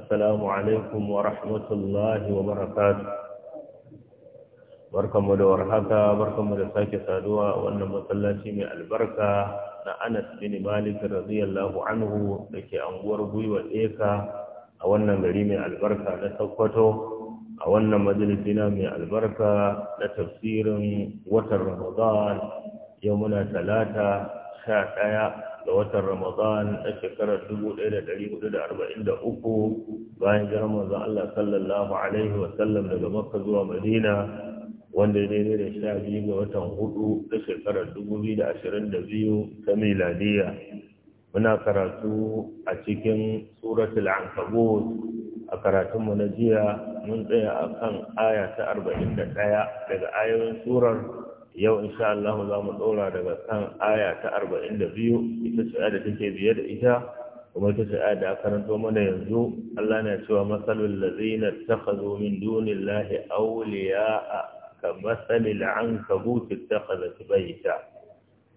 alaikum wa rahmatullahi wa وبركاته barkanmu da warhaka barkanmu da sake saduwa wannan masallaci mai albarka na Anas bin Malik radiyallahu anhu dake anguwar Gwiwa Eka a wannan gari mai albarka na Sokoto a wannan majalisi na mai albarka na tafsirin watan Ramadan yau muna talata ɗaya. ga watan Ramadan na shekarar 1443 bayan jiran manzon Allah sallallahu alaihi Wasallam, daga Makka zuwa Madina wanda ya daidai da sha biyu ga watan hudu na shekarar 2022 ta miladiya muna karatu a cikin suratul ankabut a karatunmu na jiya mun tsaya a kan aya ta 41 daga ayoyin surar yau insha Allah za mu ɗora daga kan aya ta arba'in da biyu ita ce da take biye da ita kuma ita ce da aka karanto mana yanzu Allah na cewa masalul ladzina takhadhu min dunillahi awliya'a ka masalil ankabut takhadhat bayta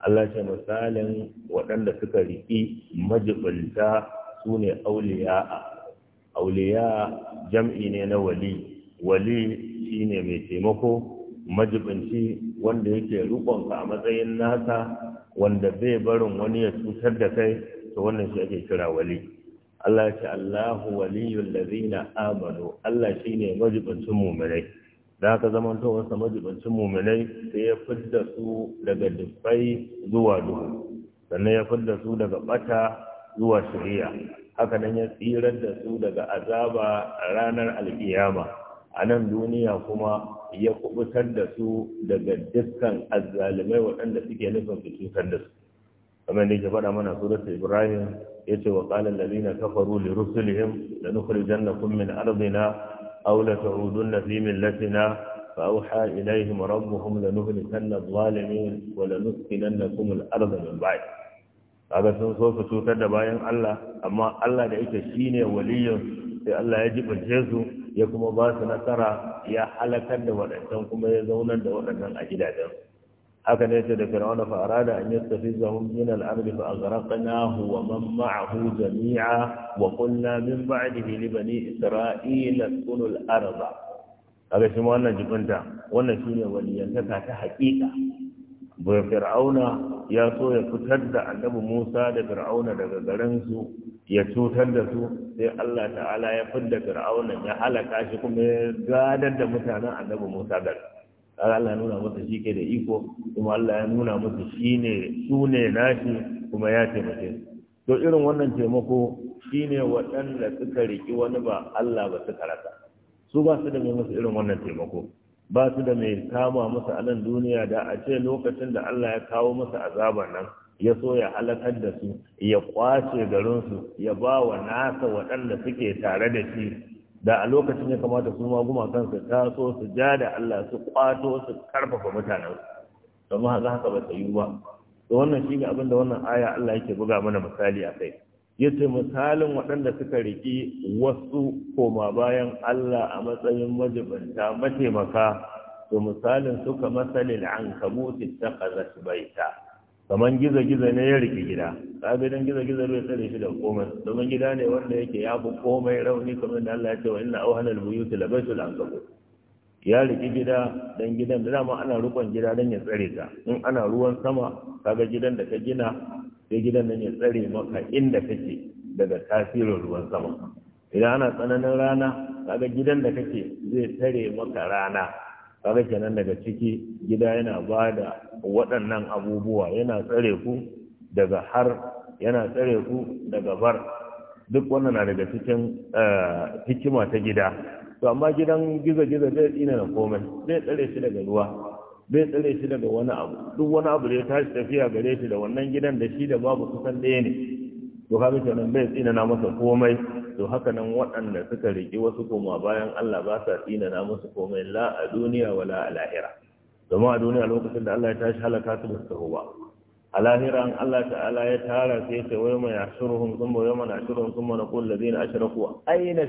Allah ce misalin waɗanda suka riƙi majibinta su ne auliya'a auliya jam'i ne na wali wali shine mai taimako majibinci wanda yake rukonka a matsayin nasa wanda bai barin wani ya cutar da kai to wannan shi ake kira wali Allah ce Allahu waliyul ladina amanu Allah shine majibincin mu'minai da aka zamanto wasa majibincin mu'minai sai ya fidda su daga dufai zuwa duhu sannan ya fidda su daga bata zuwa shari'a haka nan ya tsirar da su daga azaba a ranar alkiyama a nan duniya kuma ya kubutar da su daga dukkan azzalimai waɗanda suke nufin su cutar da su kamar da ke faɗa mana suratul ibrahim ya ce wa qala allazina kafaru li rusulihim lanukhrijannakum min ardina aw la ta'udunna fi millatina fa awha ilayhim rabbuhum lanuhlikanna adh-dhalimin wa lanuskinannakum al-ardha min ba'd kaga sun so su cutar da bayan Allah amma Allah da yake shine waliyin sai Allah ya jibince su ya kuma ba su nasara ya halakar da waɗancan kuma ya zaunar da waɗannan a gidajen haka ne ce da fir'auna fa arada an yastafizahum min al-ardi fa aghraqnahu wa man ma'ahu jami'a wa qulna min ba'dihi li bani isra'ila kunu al-arda kaga shi wannan jibinta wannan shine waliyantaka ta haƙiƙa bai fir'auna ya so ya fitar da annabi musa da fir'auna daga garinsu ya cutar da su sai allah ta'ala ya fidda fir'auna ya halaka shi kuma ya gadar da mutanen annabi musa da Allah ya nuna masa shi ke da iko kuma Allah ya nuna masa shi ne su ne nashi kuma ya taimake su to irin wannan taimako shi ne waɗanda suka riƙi wani ba Allah ba suka rasa su ba su da mai musu irin wannan taimako ba su da mai kama musu a nan duniya da a ce lokacin da Allah ya kawo musu azabar nan ya so ya halakar da su ya kwace garinsu ya ba wa nasa waɗanda suke tare da shi da a lokacin ya kamata su ma kansu su taso su ja da Allah su kwato su karfafa mutanen domin haka ba ta yi ba to wannan shi ne abin wannan aya Allah yake buga mana misali a kai yace misalin waɗanda suka riƙi wasu koma bayan Allah a matsayin majibanta mataimaka to misalin suka masalin an kamuti ta baita kamar gizo-gizo ne ya riƙe gida ƙabirin gizo-gizo bai tsare shi da komai domin gida ne wanda yake ya fi komai rauni kamar da Allah ya ce wa ina auhanar buyuti labaitul su kamuti ya riki gida don gidan da dama ana rukon gida don ya tsare ta in ana ruwan sama kaga gidan da ka gina sai gidan nan ya tsare maka inda kake daga tasirin ruwan sama idan ana tsananin rana kaga gidan da kake zai tsare maka rana kaga kenan daga ciki gida yana ba da waɗannan abubuwa yana tsare ku daga har yana tsare ku daga bar duk wannan na daga cikin eh, hikima ta gida to amma gidan gizo-gizo zai tsina na komai zai tsare shi daga ruwa bai tsare shi daga wani abu duk wani abu da ya tashi tafiya gare shi da wannan gidan da shi da babu kusan ɗaya ne to kaga kenan bai tsinana masa komai to haka nan waɗanda suka riƙi wasu koma bayan Allah ba sa tsinana masa komai la a duniya wala a lahira domin a duniya lokacin da Allah ya tashi halaka su ba su taho ba a lahira an Allah ta'ala ya tara sai ta wai mai ashiruhum sun bai mai ashiruhum sun na kun lazina ashiraku aina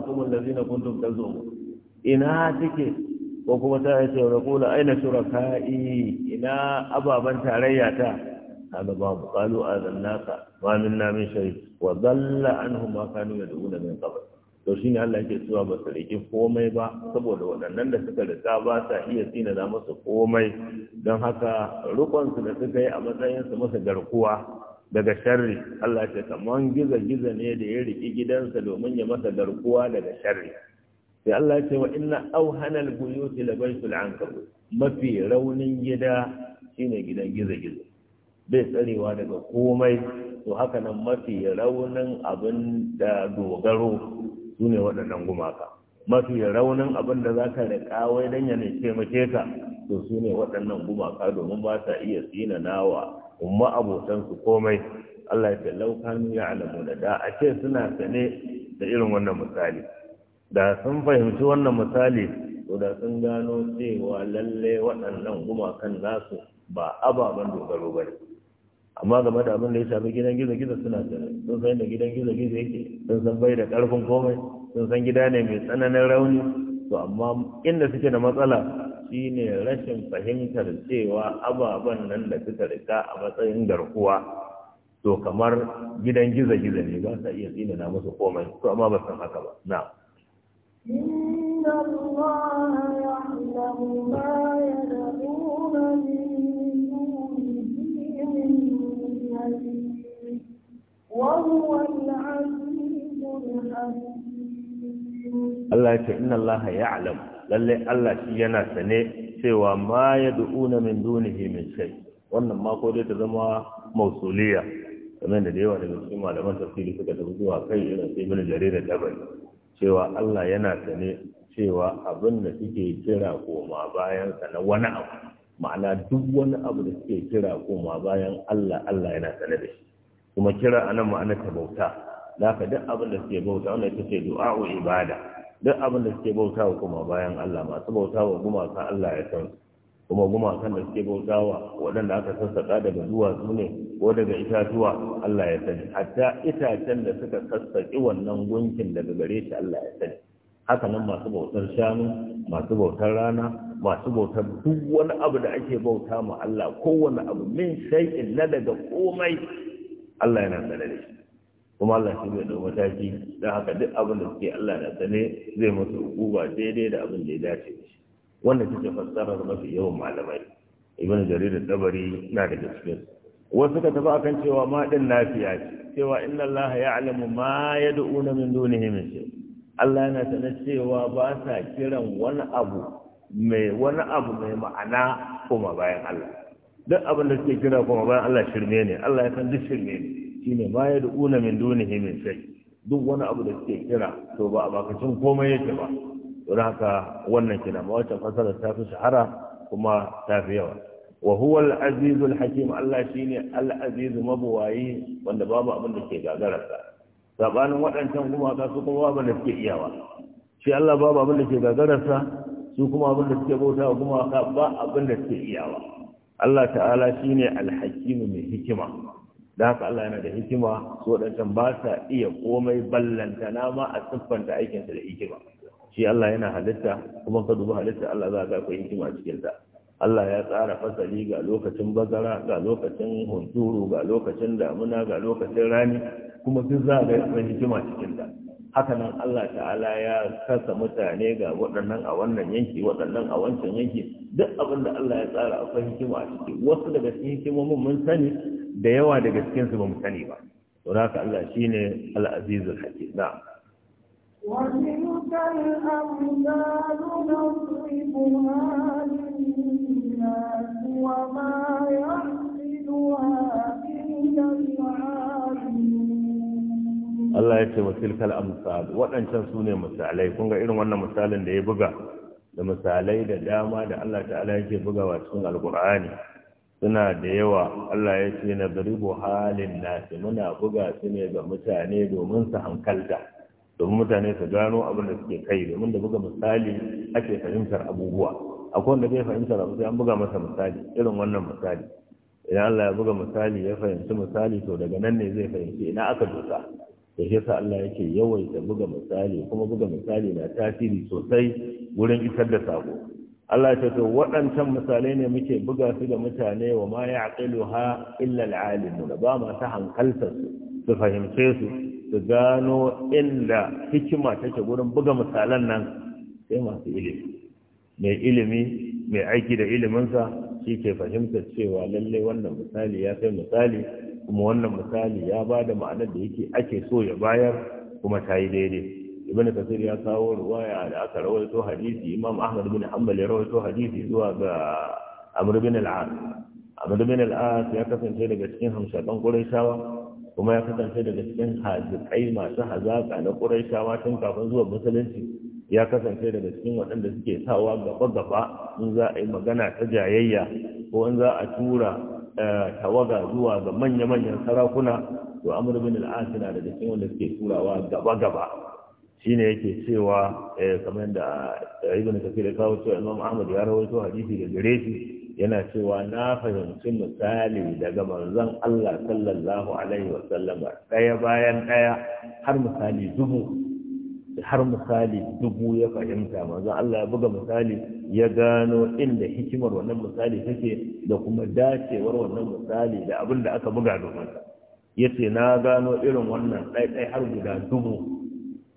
kuma lazina kuntum tazumu ina take ko kuma ta ce wa kula aina shuraka'i ina ababan tarayya ta kaga babu kalu azannaka wa minna min shay wa dhalla anhum ma kanu yad'una min qabl to shine Allah yake cewa ba su komai ba saboda waɗannan da suka rika ba sa iya tsina da masa komai don haka rukon da suka yi a matsayin su masa garkuwa daga sharri Allah ya ce kaman giza giza ne da ya riki gidansa domin ya masa garkuwa daga sharri sai Allah ya ce wa inna auhanal al-buyut la baytul ankabut mafi raunin gida shine gidan gizo-gizo bai tsarewa daga komai to haka nan mafi raunin abin da dogaro su ne waɗannan gumaka mafi raunin abin da za ka riƙa wai don ya mace ka to su ne waɗannan gumaka domin ba sa iya tsina nawa umma abotansu komai Allah ya ce laukanu ya alamu da a ce suna sane da irin wannan misali da sun fahimci wannan misali to da sun gano cewa lalle waɗannan gumakan nasu ba ababen dogaro ba ne amma game da abin da ya shafi gidan gizo gizo suna sani sun san da gidan gizo gizo yake sun san bai da ƙarfin komai sun san gida ne mai tsananin rauni to amma inda suke da matsala shine rashin fahimtar cewa ababen nan da suka rika a matsayin garkuwa to kamar gidan gizo gizo ne ba sa iya tsinana na musu komai to amma ba san haka ba na'am إن الله يعلم ما يدعون من lallai Allah shi yana sane cewa ma ya dauna min dunihi min shay wannan ma ko dai ta zama mausuliya kamar da da yawa daga cikin malaman tafsiri suka tafi zuwa kai irin sai ibn jarir da cewa Allah yana sane cewa abin da suke kira koma sa na wani abu ma'ana duk wani abu da suke kira koma bayan Allah Allah yana sane da shi kuma kira anan ma'ana ta bauta da ka duk abin da suke bauta wannan ita ce du'a'u ibada duk abin da suke bauta wa kuma bayan Allah masu bauta wa gumaka Allah ya san kuma gumakan da suke bautawa waɗanda aka sassaƙa daga duwatsu ne ko daga itatuwa Allah ya sani hatta itacen da suka sassaƙi wannan gunkin daga gare shi Allah ya sani haka nan masu bautar shanu masu bautar rana masu bautar duk wani abu da ake bauta ma Allah kowane abu min shay'in na daga komai Allah yana sanar shi kuma Allah shi zai dauki mataki don haka duk abin da suke Allah na sane zai musu hukuma daidai da abin da ya dace wannan take fassarar mafi yawan malamai ibn jarir tabari na daga cikin wasu ka tafi akan cewa ma din nafiya ce cewa inna allaha ya'lamu ma yad'una min dunihi min shay Allah yana sanar cewa ba sa kiran wani abu mai wani abu mai ma'ana kuma bayan Allah duk abin da suke kira kuma bayan Allah shirme ne Allah ya san duk shirme ne shine ma yad'una min dunihi min shay duk wani abu da suke kira to ba a bakacin komai yake ba don haka wannan kina ma wacce fasarar ta fi shahara kuma ta fi yawa wa huwa al-azizu al-hakim Allah shine al-azizu mabuwayi wanda babu abin da ke gagararsa sabanin waɗancan gumaka su kuma babu da suke iyawa shi Allah babu abin da ke gagararsa su kuma abin da suke bauta kuma ba abin da suke iyawa Allah ta'ala shine al-hakim mai hikima da haka Allah yana da hikima su waɗancan ba sa iya komai ballantana ma a siffanta aikinsa da hikima shi Allah yana halitta kuma ka dubi halitta Allah za ga akwai hikima cikin ta Allah ya tsara fasali ga lokacin bazara ga lokacin hunturu ga lokacin damuna ga lokacin rani kuma duk za ga akwai hikima cikin ta haka nan Allah ta'ala ya kasa mutane ga waɗannan a wannan yanki waɗannan a wancan yanki duk abin da Allah ya tsara akwai hikima a ciki wasu daga cikin hikimomin mun sani da yawa daga cikinsu su ba mu sani ba don haka Allah shine al-azizul hakim na'am Allah ya ce wa amsal waɗancan su ne misalai kun ga irin wannan misalin da ya buga da misalai da dama da Allah ta'ala yake bugawa cikin alkur'ani suna da yawa Allah ya ce na halin nasi muna buga su ne ga mutane domin su hankalta domin mutane su gano abin da suke kai domin da buga misali ake fahimtar abubuwa akwai wanda bai fahimtar abu sai an buga masa misali irin wannan misali idan Allah ya buga misali ya fahimci misali to daga nan ne zai fahimci ina aka dosa da shi sa Allah yake yawaita buga misali kuma buga misali na tasiri sosai wurin isar da sako Allah ya to waɗancan misalai ne muke buga su ga mutane wa ma ya'qiluha illa al-alimun ba ma ta hankalta su su fahimce su su gano inda hikima take gurin buga misalan nan sai masu ilimi mai ilimi mai aiki da iliminsa shi ke fahimtar cewa lalle wannan misali ya kai misali kuma wannan misali ya ba da ma'anar da yake ake so ya bayar kuma ta yi daidai ibn kasir ya kawo ruwaya da aka rawaito hadisi imam ahmad bin hanbal ya rawaito hadisi zuwa ga amr bin al-as amr al-as ya kasance daga cikin hamshakan shawa kuma ya kasance daga cikin hajjikai masu hazaƙa na ƙurai shawa tun kafin zuwa musulunci ya kasance daga cikin waɗanda suke sawa gaba-gaba in za a yi magana ta jayayya ko in za a tura eh, tawaga zuwa ga manya-manyan sarakuna to amur bin al'as na daga cikin wanda suke turawa gaba-gaba shine yake cewa eh, kamar da eh, ibn kafir ya kawo cewa imam ahmad ya rawaito hadisi da gare shi yana cewa na fahimci misali daga manzon Allah sallallahu alaihi wa sallama bayan ɗaya har misali dubu har misali dubu ya fahimta manzon Allah ya buga misali ya gano inda hikimar wannan misali take da kuma dacewar wannan misali da abin da aka buga domin ya ce na gano irin wannan ɗaiɗai har guda dubu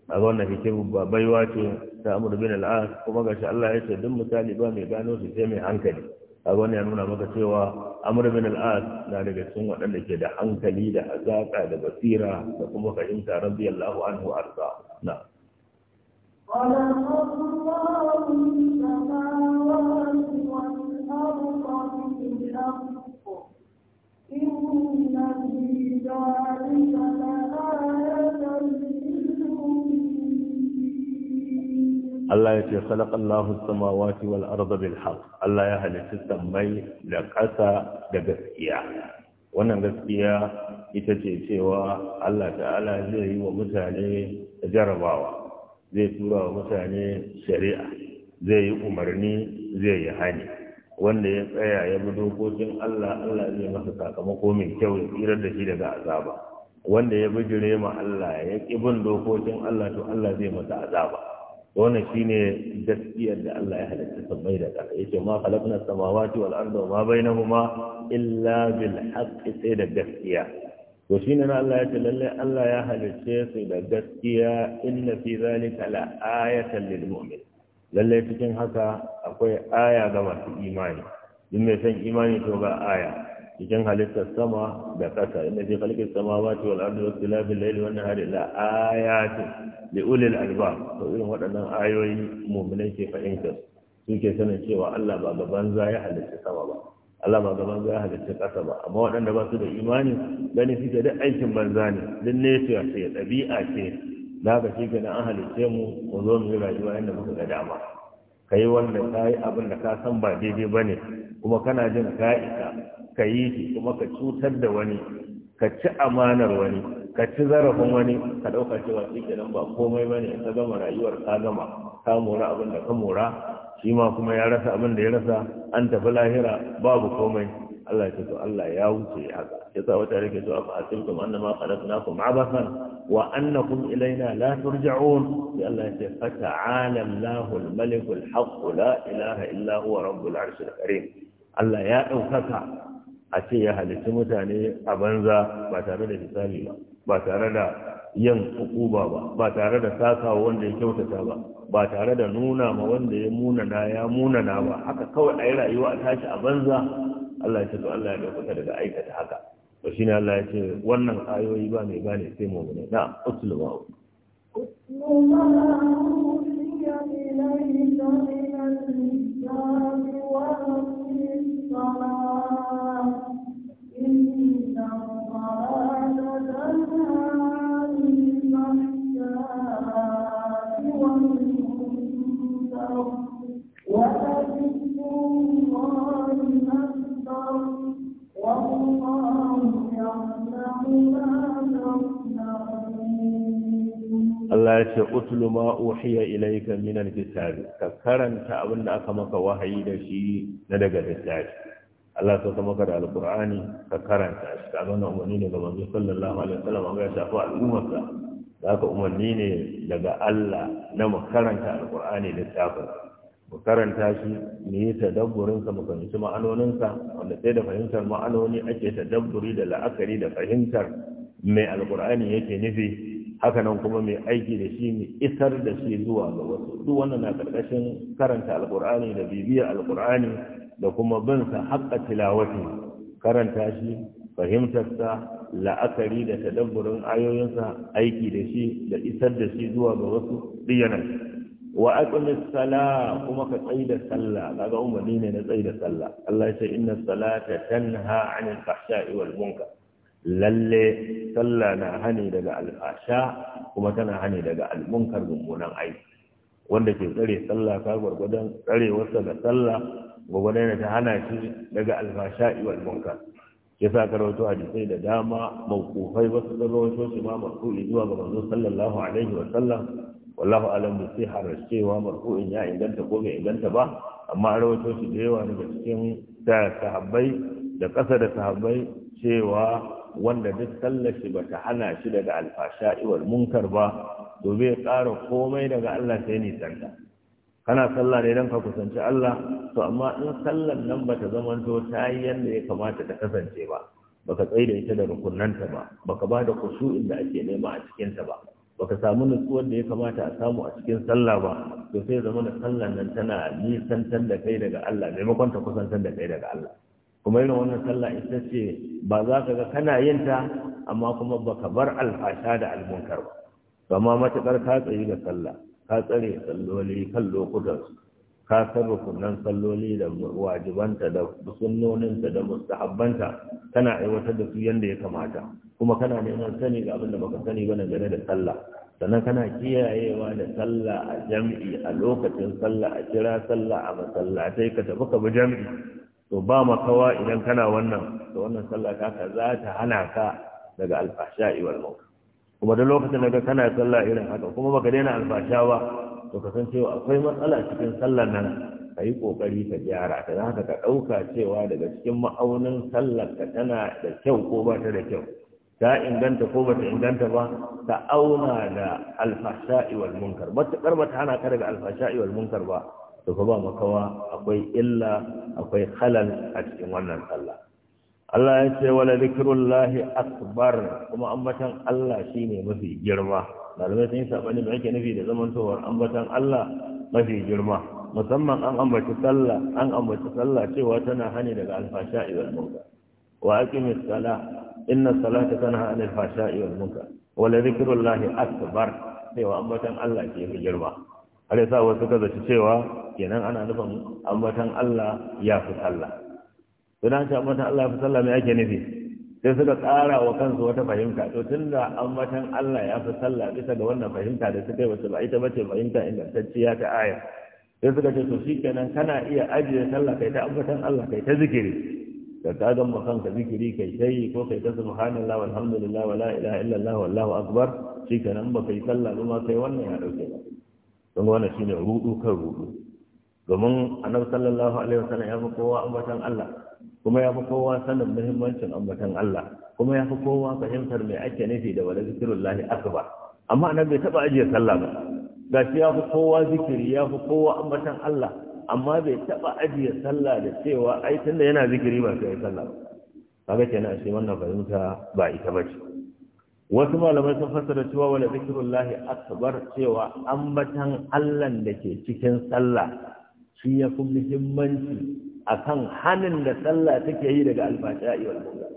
a ga wannan hikimar ba baiwa ce ta amur bin kuma gashi Allah ya ce duk misali ba mai gano su sai mai hankali kaga ya nuna maka cewa amr bin na daga cikin waɗanda ke da hankali da azaka da basira da kuma fahimta radiyallahu anhu arda na قال في ذلك لآية Allah ya ce khalaqallahu samawati wal arda bil Allah ya halitta sammai da ƙasa da gaskiya wannan gaskiya ita ce cewa Allah ta'ala zai yi wa mutane jarabawa zai tura wa mutane shari'a zai yi umarni zai yi hani wanda ya tsaya ya bi dokokin Allah Allah zai masa sakamako mai kyau ya tsirar da shi daga azaba wanda ya bijire ma Allah ya ƙi bin dokokin Allah to Allah zai masa azaba wannan shine gaskiyar da Allah ya halitta sammai da ƙasa yace ma khalaqna samawati wal arda wa ma bainahuma illa bil haqqi sai da gaskiya to shine na Allah ya ce lalle Allah ya halitta su da gaskiya inna fi zalika la ayatan lil mu'min lalle cikin haka akwai aya ga masu imani duk mai son imani to ga aya cikin halittar sama da ƙasa inda ke halittar sama ba ce wal ardi wasu lafin laili wannan hari la ayatin li ulil alba to irin waɗannan ayoyi muminai ke fahimtar su ke sanin cewa Allah ba gaban za ya halitta sama ba Allah ba gaban za ya halitta ƙasa ba amma waɗanda ba su da imani gani ke duk aikin banza ne duk nesiya ce ɗabi'a ce da haka shi an halitta mu mu zo mu yi rayuwa yadda muka ga dama ka wanda ka yi abin da ka san ba daidai ba ne kuma kana jin ka'ika. ka yi shi kuma ka cutar da wani ka ci amanar wani ka ci zarafin wani ka ɗauka cewa shi kenan ba komai bane ka gama rayuwar ka gama ka mora abin da ka mora shi ma kuma ya rasa abin da ya rasa an tafi lahira babu komai Allah ya to Allah ya wuce haka yasa wata rike to afa asilkum annama khalaqnakum abathan wa annakum ilaina la turja'un ya Allah ya fata'ala Allahul malikul haqq la ilaha illa huwa rabbul arshil karim Allah ya ɗaukaka a ce ya halitta mutane a banza ba tare da hisabi ba ba tare da yin ukuba ba ba tare da saka wanda ya kyautata ba ba tare da nuna ma wanda ya munana ya munana ba haka kawai a yi rayuwa a tashi a banza Allah ya ce to Allah ya dauka daga aikata haka to shine Allah ya ce wannan ayoyi ba mai gane sai mu ne na uslu ma uslu ma ya ilahi الصلاة Allah ya ce utlu ma uhiya ilayka min al-kitab ka karanta abin da aka maka wahayi da shi na daga littafi Allah ya maka da alqur'ani ka karanta shi ka nuna umarni daga manzo sallallahu alaihi wasallam ga shafa al'ummarsa da aka umarni ne daga Allah na mu karanta alqur'ani littafin mu karanta shi mu yi sa mu fahimci ma'anoninsa wanda sai da fahimtar ma'anoni ake ta tadabburi da la'akari da fahimtar mai alqur'ani yake nufi haka nan kuma mai aiki da shi mai isar da shi zuwa ga wasu duk wannan na karkashin karanta alkur'ani da bibiya alkur'ani da kuma bin sa haƙƙa tilawati karanta shi fahimtarsa la'akari da tadabburin ayoyinsa aiki da shi da isar da shi zuwa ga wasu diyanar wa aqimis kuma ka da sallah kaga umarni ne na da sallah Allah ya ce inna salata tanha 'anil fahsha'i wal munkar lalle sallah na hani daga alfasha kuma tana hani daga almunkar mummunan aiki wanda ke tsare sallah ka gwargwadon tsare wasa ga sallah gwagwadon ta hana shi daga alfasha iwal munkar ya sa ka hadisai da dama mawqufai wasu sun shi ma marfu'i zuwa ga manzo sallallahu alaihi wa sallam wallahu alam bi sihar cewa marfu'in ya inganta ko bai inganta ba amma rawaito shi da yawa daga cikin sahabbai da ƙasa da sahabbai cewa wanda duk sallashi ba ta hana shi daga alfasha iwal munkar ba to bai ƙara komai daga Allah sai ni sallah. kana sallah ne dan ka kusanci Allah to amma in sallar nan ba ta bata to ta yi yadda ya kamata ta kasance ba baka tsaye da ita da rukunanta ba baka ba da kushu'in da ake nema a cikinta ba baka samu nutsuwar da ya kamata a samu a cikin sallah ba to sai zama da sallar nan tana nisantar da kai daga Allah maimakon ta kusantar da kai daga Allah kuma irin wannan sallah ita ce ba za ka ga kana yin ta amma kuma ba ka bar alfasha da almunkar ba amma matakar ka tsayi ga sallah ka tsare salloli kan lokutan su ka san rukunan salloli da wajibanta da sunnoninta da mustahabbanta kana aiwatar da su yanda ya kamata kuma kana neman sani ga abin da baka sani ba dangane da sallah sannan kana kiyayewa da sallah a jam'i a lokacin sallah a kira sallah a masallatai ka tafi ka bi jam'i to ba makawa idan kana wannan da wannan sallah ta ka za ta hana ka daga alfasha wal munkar kuma duk lokacin da kana sallah irin haka kuma baka daina alfasha ba to ka san cewa akwai matsala cikin sallar nan ka yi kokari ka gyara ta haka ka ɗauka cewa daga cikin ma'aunin sallar ka tana da kyau ko ba ta da kyau ta inganta ko bata inganta ba ta auna da alfasha wal munkar matakar bata hana ka daga alfasha wal munkar ba Da fa ba makawa akwai illa akwai halal a cikin wannan sallah Allah ya ce wala lahi akbar kuma ambatan Allah shine mafi girma malamai sun yi sabani me yake nufi da zamantowar ambatan Allah mafi girma musamman an ambaci sallah an ambaci sallah cewa tana hani daga alfasha wal munkar wa aqimis salah inna salata tanha anil fashai wal munkar wala zikrullahi akbar cewa ambatan Allah ke girma har yasa wasu kaza cewa kenan ana nufin ambatan Allah ya fi sallah to dan ce ambatan Allah ya fi sallah me ake nufi sai suka tsara wa kansu wata fahimta to tunda ambatan Allah ya fi sallah bisa ga wannan fahimta da suka yi wasu ba ita bace fahimta ingantacciya ta aya sai suka ce to shikenan kana iya ajiye sallah kai ta ambatan Allah kai ta zikiri ka kagan kanka zikiri kai sai ko kai ta subhanallah walhamdulillah wala ilaha illallah wallahu akbar shikenan ba kai sallah ba kai wannan ya dauke ba don wannan shine rudu kan rudu domin annabi sallallahu alaihi wasallam ya fi kowa ambatan Allah kuma ya fi kowa sanin muhimmancin ambatan Allah kuma ya fi kowa fahimtar mai ake nufi da wani wala zikrullahi akbar amma annabi bai taba ajiye sallah ba Ga shi ya fi kowa zikiri ya fi kowa ambatan Allah amma bai taba ajiye sallah da cewa ai tunda yana zikiri ba sai sallah ba kaga kenan ashe wannan fahimta ba ita bace wasu malamai sun fassara cewa wala zikrullahi akbar cewa ambatan Allah da ke cikin sallah shi ya fi muhimmanci akan hanin da sallah take yi daga alfasha'i a munkar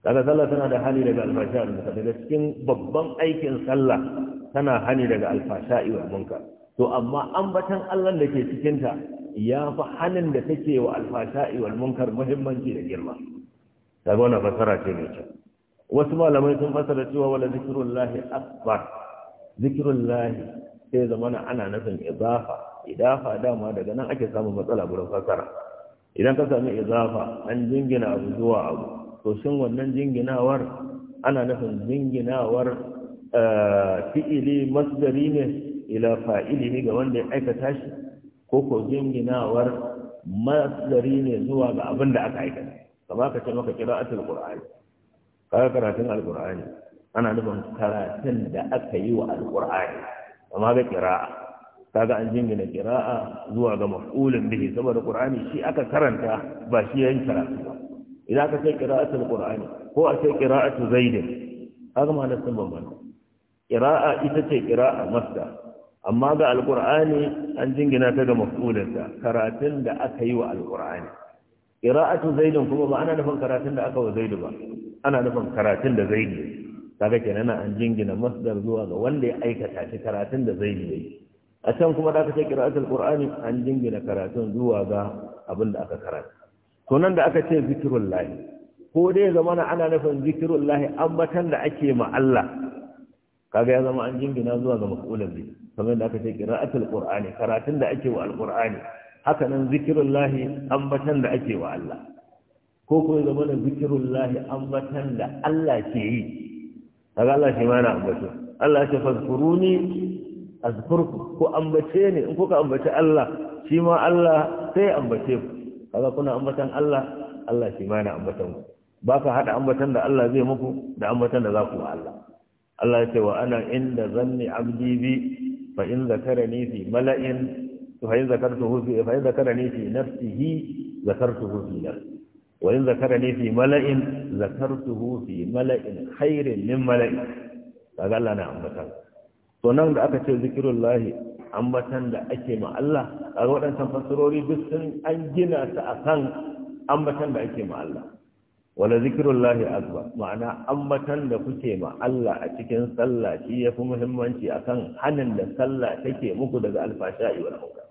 kaga sallah tana da hani daga alfasha'i a munkar daga cikin babban aikin sallah tana hani daga alfasha'i a munkar to amma ambatan Allah da ke cikinta ta ya fi hanin da take wa alfasha'i wal munkar muhimmanci da girma kaga wannan fasara ce mai kyau wasu malamai sun fasara cewa wala zikrullahi akbar lahi. sai zamana ana nufin idafa idafa dama daga nan ake samun matsala gurin fasara idan ka sami idafa an jingina abu zuwa abu to shin wannan jinginawar ana nufin jinginawar eh, fi'ili masdari ne ila fa'ili ne ga wanda ya aikata shi ko ko jinginawar masdari ne zuwa ga abin da aka aikata kama ka ce maka atul qur'ani kaga karatun alqur'ani ana nufin karatun da aka yi wa alqur'ani kama ga kira'a kaga an jingina kira'a zuwa ga maf'ulin bihi saboda qur'ani shi aka karanta ba shi yayin karatu ba idan aka ce qira'atul qur'ani ko a ce qira'atu zaid kaga malan sun bambanta qira'a ita ce qira'a masdar amma ga alqur'ani an jingina ta ga maf'ulin ta karatun da aka yi wa alqur'ani qira'atu zaid kuma ba ana nufin karatun da aka wa zaid ba ana nufin karatun da zaid kaga kenan an jingina masdar zuwa ga wanda ya aikata shi karatun da zaid yayi a can kuma da aka ce qira'atul qur'ani an jingina karatun zuwa ga abin da aka karanta to nan da aka ce zikrullahi ko dai zamana ana nufin zikrullahi ambatan da ake ma Allah kaga ya zama an jingina zuwa ga maf'ulin bi kamar da aka ce qira'atul qur'ani karatun da ake wa alqur'ani haka nan zikrullahi ambatan da ake wa Allah ko ko zama na zikirun lahi ambatan da Allah ke yi daga Allah shi mana ambato Allah ce faskuruni azkurku ko ambace ne in kuka ambace Allah shi ma Allah sai ambace ku kaga kuna ambatan Allah Allah shi ma na ambatan ku ba ka hada ambatan da Allah zai muku da ambatan da za ku wa Allah Allah ya ce wa ana inda zanni abdi bi fa in zakarani fi mala'in fa in zakartuhu fi fa in zakarani fi nafsihi zakartuhu fi nafsi wa in zakarani fi mala'in zakartuhu fi mala'in khairin min mala'in kaga Allah na ambatan ku to nan da aka ce zikirun lahi ambatan da ake ma Allah a waɗancan fasirori duk sun an gina su a kan ambatan da ake ma Allah wala zikirun lahi azba ma'ana ambatan da kuke ma Allah a cikin sallah shi ya fi muhimmanci a kan hannun da sallah take muku daga alfasha iwal hauka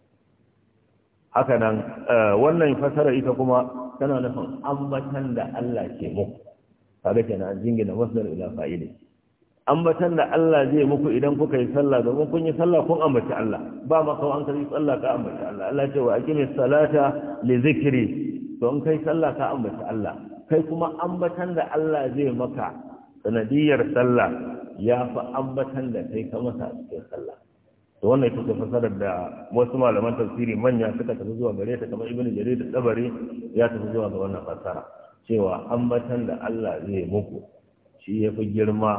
haka nan eh, wannan fasara ita kuma tana nufin ambatan da Allah ke muku kaga kenan jingina jingina masdar ila fa'ili ambatan da Allah zai muku idan kuka yi sallah domin kun yi sallah kun ambaci Allah ba ma kawai an ka yi sallah ka ambaci Allah Allah ce wa aqimi salata li zikri to in kai sallah ka ambaci Allah kai kuma ambatan da Allah zai maka sanadiyar sallah ya fi ambatan da kai ka masa cikin sallah to wannan ita ce fasarar da wasu malaman tafsiri manya suka tafi zuwa gare ta kamar ibnu jarir da tabari ya tafi zuwa ga wannan fasara cewa ambatan da Allah zai muku shi ya fi girma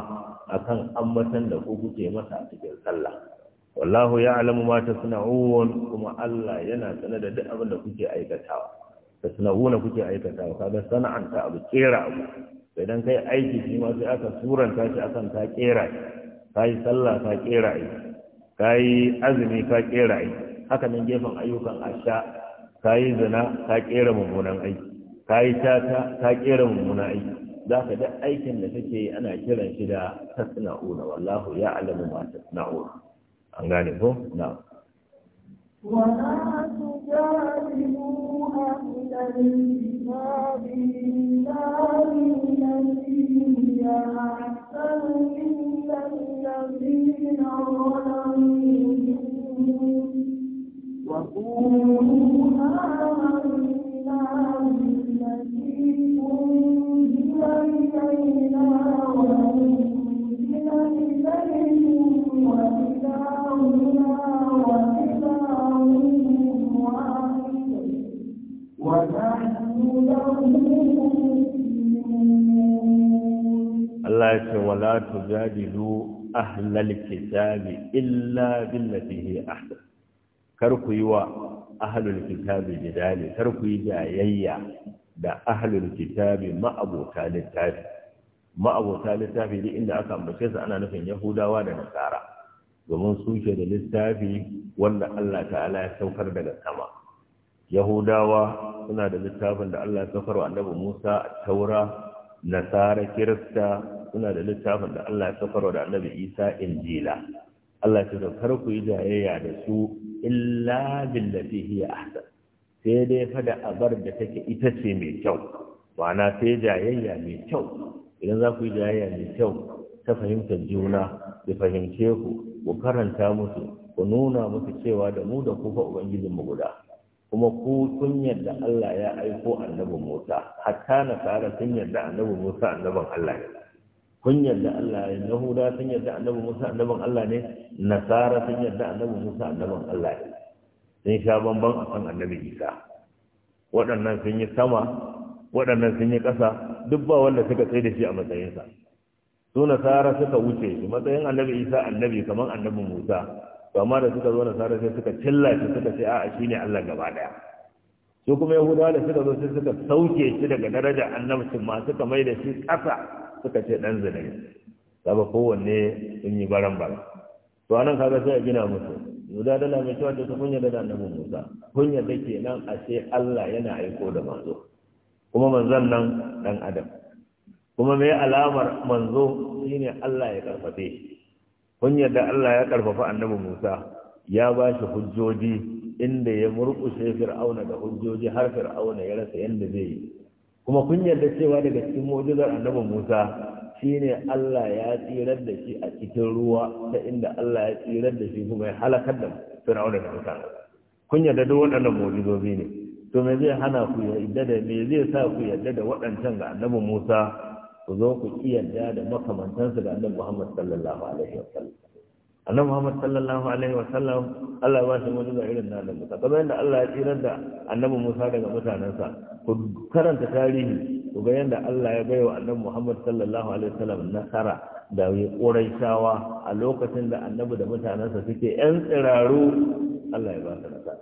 akan ambatan da ku kuke masa a cikin sallah wallahu ya alamu suna tasna'un kuma Allah yana sanar da duk abin da kuke aikatawa tasna'una kuke aikatawa kaga sana'anta abu kera abu idan kai aiki shi ma sai aka suranta shi akan ta kera yi sallah ka kera yi azumi ka kera haka nan gefen ayyukan asha ka yi zina ka kera mummunan aiki ka yi tata ka kera mummunan aiki za ka duk aikin da take yi ana kiran shi da tasna'una wallahu ya alamu ma tasna'una an gane ko na ولا تجادلوا أهل الكتاب إلا بالتي هي أحسن إلا الذين ظلموا وقولوا آمنا بالذي Allah ya ce tujadilu ahlal kitabi illa billati hi ahsan kar ku yi wa ahlul kitabi jidali kar ku yi jayayya da ahlul kitabi ma'abota littafi ma'abota littafi duk inda aka ambace su ana nufin yahudawa da nasara domin su ke da littafi wanda Allah ta'ala ya saukar daga sama yahudawa suna da littafin da Allah ya saukar wa annabi Musa a taura nasara kirista suna da littafin da Allah ya saukar wa annabi Isa injila Allah ya ce kar ku yi jayayya da su illa billati hiya ahsan sai dai fa da abar da take ita ce mai kyau wana sai jayayya mai kyau idan za ku yi jayayya mai kyau ta fahimtar juna ku fahimce ku ku karanta musu ku nuna musu cewa da mu da ku fa ubangijin mu guda kuma ku kun yarda Allah ya aiko annabi Musa hatta na fara sun yarda annabi Musa annaban Allah ne kun yarda Allah ne Yahuda sun yarda annabi Musa annaban Allah ne Nasara sun yarda annabi Musa annaban Allah ne sun sha bamban a kan annabi isa waɗannan sun yi sama waɗannan sun yi ƙasa duk ba wanda suka tsaye da shi a matsayinsa su nasara suka wuce shi matsayin annabi isa annabi kamar annabi musa to amma da suka zo nasara sai suka cilla shi suka ce a'a shi ne allah gaba ɗaya su kuma yahudawa da suka zo sai suka sauke shi daga daraja annabcin ma suka mai da shi ƙasa suka ce ɗan zinari saba kowanne sun yi baran baran to anan kaga sai a gina musu Guda mai cewa ta kun yarda da annabi Musa kun yarda nan a sai Allah yana aiko da manzo kuma manzon nan dan adam kuma mai alamar manzo shine Allah ya karfafe kun yarda Allah ya karfafa annabi Musa ya ba shi hujjoji inda ya murƙushe Fir'auna da hujjoji har Fir'auna ya rasa yanda zai yi kuma kun yarda cewa daga cikin mu'jizar annabi Musa shine Allah ya tsirar da shi a cikin ruwa ta inda Allah ya tsirar da shi kuma ya halakar da Fir'aun da mutane kun yarda da waɗannan mu'jizozi ne to me zai hana ku yarda da me zai sa ku yarda da waɗancan ga annabi Musa ku zo ku kiyanta da makamantansu ga annabi Muhammad sallallahu alaihi wasallam annabi Muhammad sallallahu alaihi wasallam Allah ya bashi mu'jiza irin nan da Musa kamar yadda Allah ya tsirar da annabi Musa daga mutanensa ku karanta tarihi ku ga yanda Allah ya bayo Annabi Muhammad sallallahu alaihi wasallam nasara da Quraishawa a lokacin da Annabi da mutanansa suke yan tsiraru Allah ya ba su nasara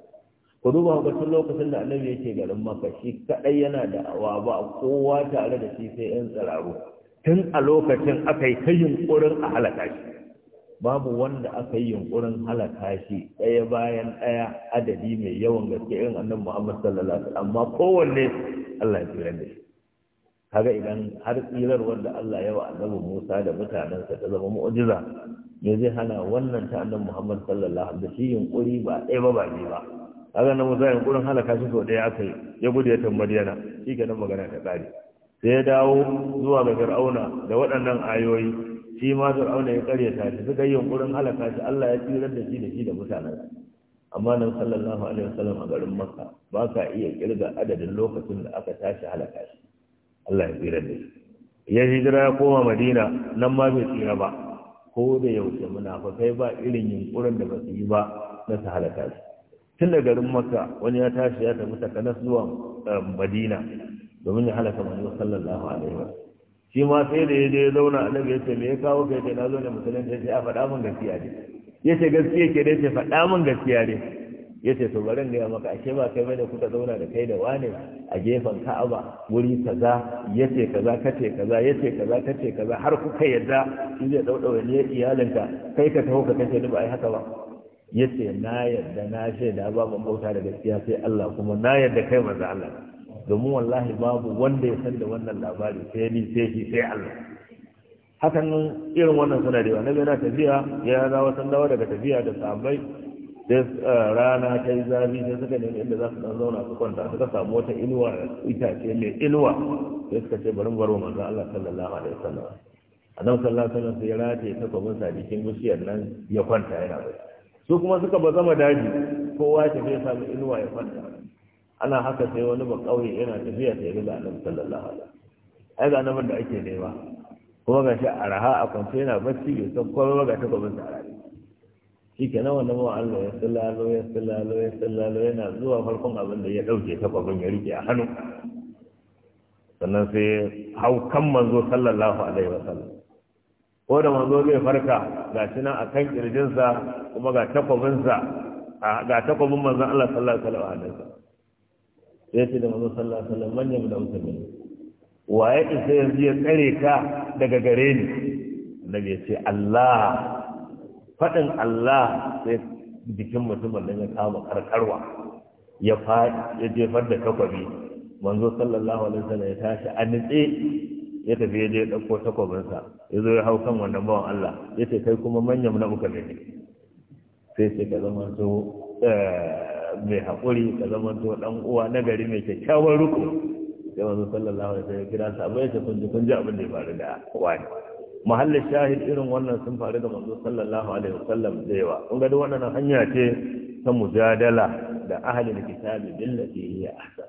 ku duba ku tun lokacin da Annabi yake garin Makka shi kadai yana da awa ba kowa tare da shi sai yan tsiraru tun a lokacin aka yi ta yunkurin a halaka shi babu wanda aka yi yunkurin halaka shi ɗaya bayan ɗaya adadi mai yawan gaske irin annabi Muhammad sallallahu alaihi wasallam amma kowanne Allah ya tsira da shi kaga idan har tsirar wanda Allah ya wa annabi Musa da mutanensa ta zama mu'jiza me zai hana wannan ta annabi Muhammad sallallahu alaihi wasallam shi yunkuri ba ɗaya ba ba ba kaga nan Musa yunkurin halaka shi so ɗaya aka yi ya gudu ya tambari yana shi kenan magana ta tsari sai ya dawo zuwa ga Fir'auna da waɗannan ayoyi shi ma Fir'auna ya ta shi suka yi yunkurin halaka shi Allah ya tsirar da shi da shi da mutanensa amma nan sallallahu alaihi wasallam a garin Makka ba ka iya kirga adadin lokacin da aka tashi halaka shi Allah ya tsira da ya hijira ya koma madina nan ma bai tsira ba ko da yaushe munafakai ba irin yunkurin da ba su yi ba na su halaka su tun da garin Makka wani ya tashi ya tafi ta kanas zuwa eh, madina domin ya halaka manzo sallallahu alaihi wa shi ma sai da ya je ya zauna annabi ya ce me ya kawo kai na zo ne musulunci ya ce a faɗa min gaskiya ne ya ce gaskiya ke dai ce faɗa min gaskiya ne ya ce to bari gaya maka ashe ba kai bane kuka zauna da kai da wane a gefen ka'aba wuri kaza ya ce kaza kace kaza ya ce kaza kace kaza har kuka yadda shi zai ɗauɗaure ne iyalinka kai ka taho ka kace ni ba ai haka ba ya ce na yadda na ce ba ban bauta da gaskiya sai Allah kuma na yadda kai maza Allah domin wallahi babu wanda ya san da wannan labari sai ni sai shi sai Allah hakan irin wannan suna da yawa na yana tafiya ya dawo sun daga tafiya da sahabbai sai eh, rana ta yi zafi sai suka nemi inda za su dan zauna su kwanta suka samu wata inuwa itace mai inuwa sai suka ce bari baro manzo Allah sallallahu alaihi wasallam annabi sallallahu alaihi wasallam sai ya rataye takobin sa jikin musiyar nan ya kwanta yana bai su kuma suka ba zama daji kowa ta ya samu inuwa ya kwanta ana haka sai wani ba kauye yana tafiya sai ga annabi sallallahu alaihi wasallam ai ga nan da ake nema kuma ga shi a a kwance yana bacci bai san komai ga sa a rayu shi ke nawa na mawa allo ya sallalo ya sallalo ya sallalo yana zuwa farkon abin da ya ɗauke ta kwabin ya rike a hannu sannan sai hau kan manzo sallallahu alaihi wa sallam ko da manzo zai farka ga shi nan a kan ƙirjinsa kuma ga takwabinsa ga takwabin manzon Allah sallallahu alaihi wa sallam sai ce da manzo sallallahu alaihi wa sallam manyan da mutane waye isa yanzu ya tsare ka daga gare ni annabi ya ce Allah faɗin Allah sai jikin mutumin ya kama karkarwa ya ya jefar da takwabi manzo sallallahu alaihi wasallam ya tashi a nitse ya tafi ya je ya ɗauko takwabinsa ya zo ya hau kan wannan bawan Allah ya ce kai kuma manyan na muka ne sai sai ka zama to eh, mai haƙuri ka zama to ɗan uwa na gari mai kyakkyawan ruku sai manzo sallallahu alaihi wasallam ya kira sa ya ce kun ji kun ji abin da ya faru da wani Muhallin shahid irin wannan sun faru da manzo sallallahu alaihi wasallam da yawa kun ga wannan hanya ce ta mujadala da ahlul kitabi billati hiya ahsan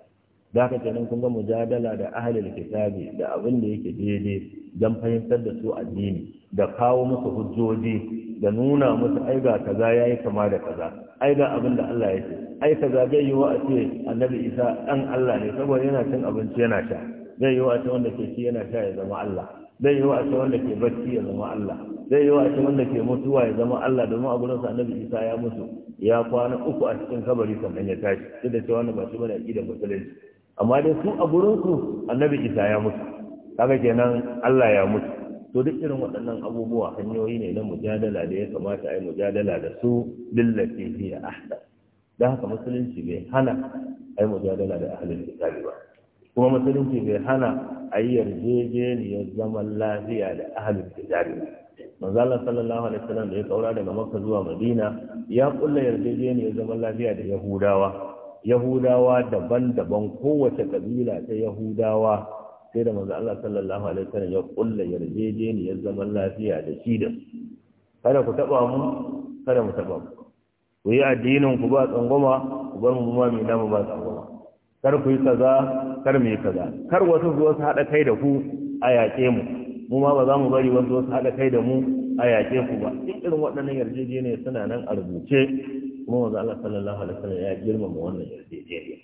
da haka kenan kun ga mujadala da ahlul kitabi da abin da yake daidai dan fahimtar da su addini da kawo musu hujjoji da nuna musu ai ga kaza yayi kama da kaza ai ga abin da Allah ya ce ai kaza zai yi wa a ce annabi Isa dan Allah ne saboda yana cin abinci yana sha zai yi wa a ce wanda ke yana sha ya zama Allah zai yi wa wanda ke barci ya zama Allah zai yi wa wanda ke mutuwa ya zama Allah domin a gurinsa annabi Isa ya mutu ya kwana uku a cikin kabari sannan ya tashi duk da cewa ba shi bane aqida musulunci amma dai su a gurinsu annabi Isa ya mutu kaga kenan Allah ya mutu to duk irin waɗannan abubuwa hanyoyi ne na mujadala da ya kamata a yi mujadala da su lillafi hiya ahda da haka musulunci bai hana a yi mujadala da ahalin kitabi ba kuma musulunci bai hana a yi yarjejeniyar zaman lafiya da ahalin tijari manzo Allah sallallahu alaihi wasallam da ya kaura daga Makka zuwa Madina ya kulla yarjejeniyar zaman lafiya da Yahudawa Yahudawa daban-daban kowace kabila ta Yahudawa sai da manzo Allah sallallahu alaihi wasallam ya kulla yarjejeniyar zaman lafiya da shi da kada ku taba mu kada mu taba mu ku yi addinin ku ba tsangwama ku bar mu ma mai namu ba tsangwama kar ku yi kaza kar mu yi kaza kar wasu zuwa su haɗa kai da ku a yaƙe mu mu ma ba za mu bari wasu wasu haɗa kai da mu a yaƙe ku ba duk irin waɗannan yarjejeniya suna nan a rubuce kuma wanzu Allah sallallahu alaihi wasallam ya girmama wannan yarjejeniya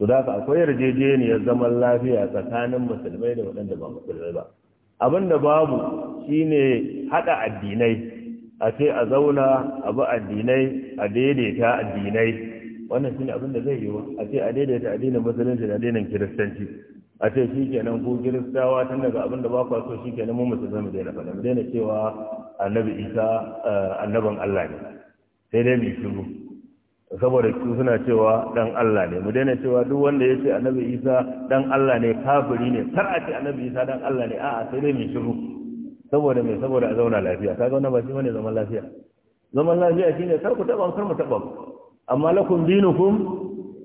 to da ka akwai yarjejeniyar zaman lafiya tsakanin musulmai da waɗanda ba musulmai ba abin da babu shine haɗa addinai a ce a zauna a bi addinai a daidaita addinai wannan shine abin da zai yiwu a ce a daidaita addinin musulunci da addinin kiristanci a ce shi kenan ko kiristawa tun daga abin da ba kwa so shi kenan mu musulmi mu daina faɗa mu daina cewa annabi isa eh, annaban allah ne sai dai mu shiru saboda su suna cewa dan allah ne mu daina cewa duk wanda ya ce annabi isa dan allah ne kafiri ne kar a ce annabi isa dan allah ne a'a sai dai mu shiru saboda me saboda a zauna lafiya kaga wannan ba shi bane zaman lafiya zaman lafiya shine kar ku taɓa kar mu taba amma lakum dinukum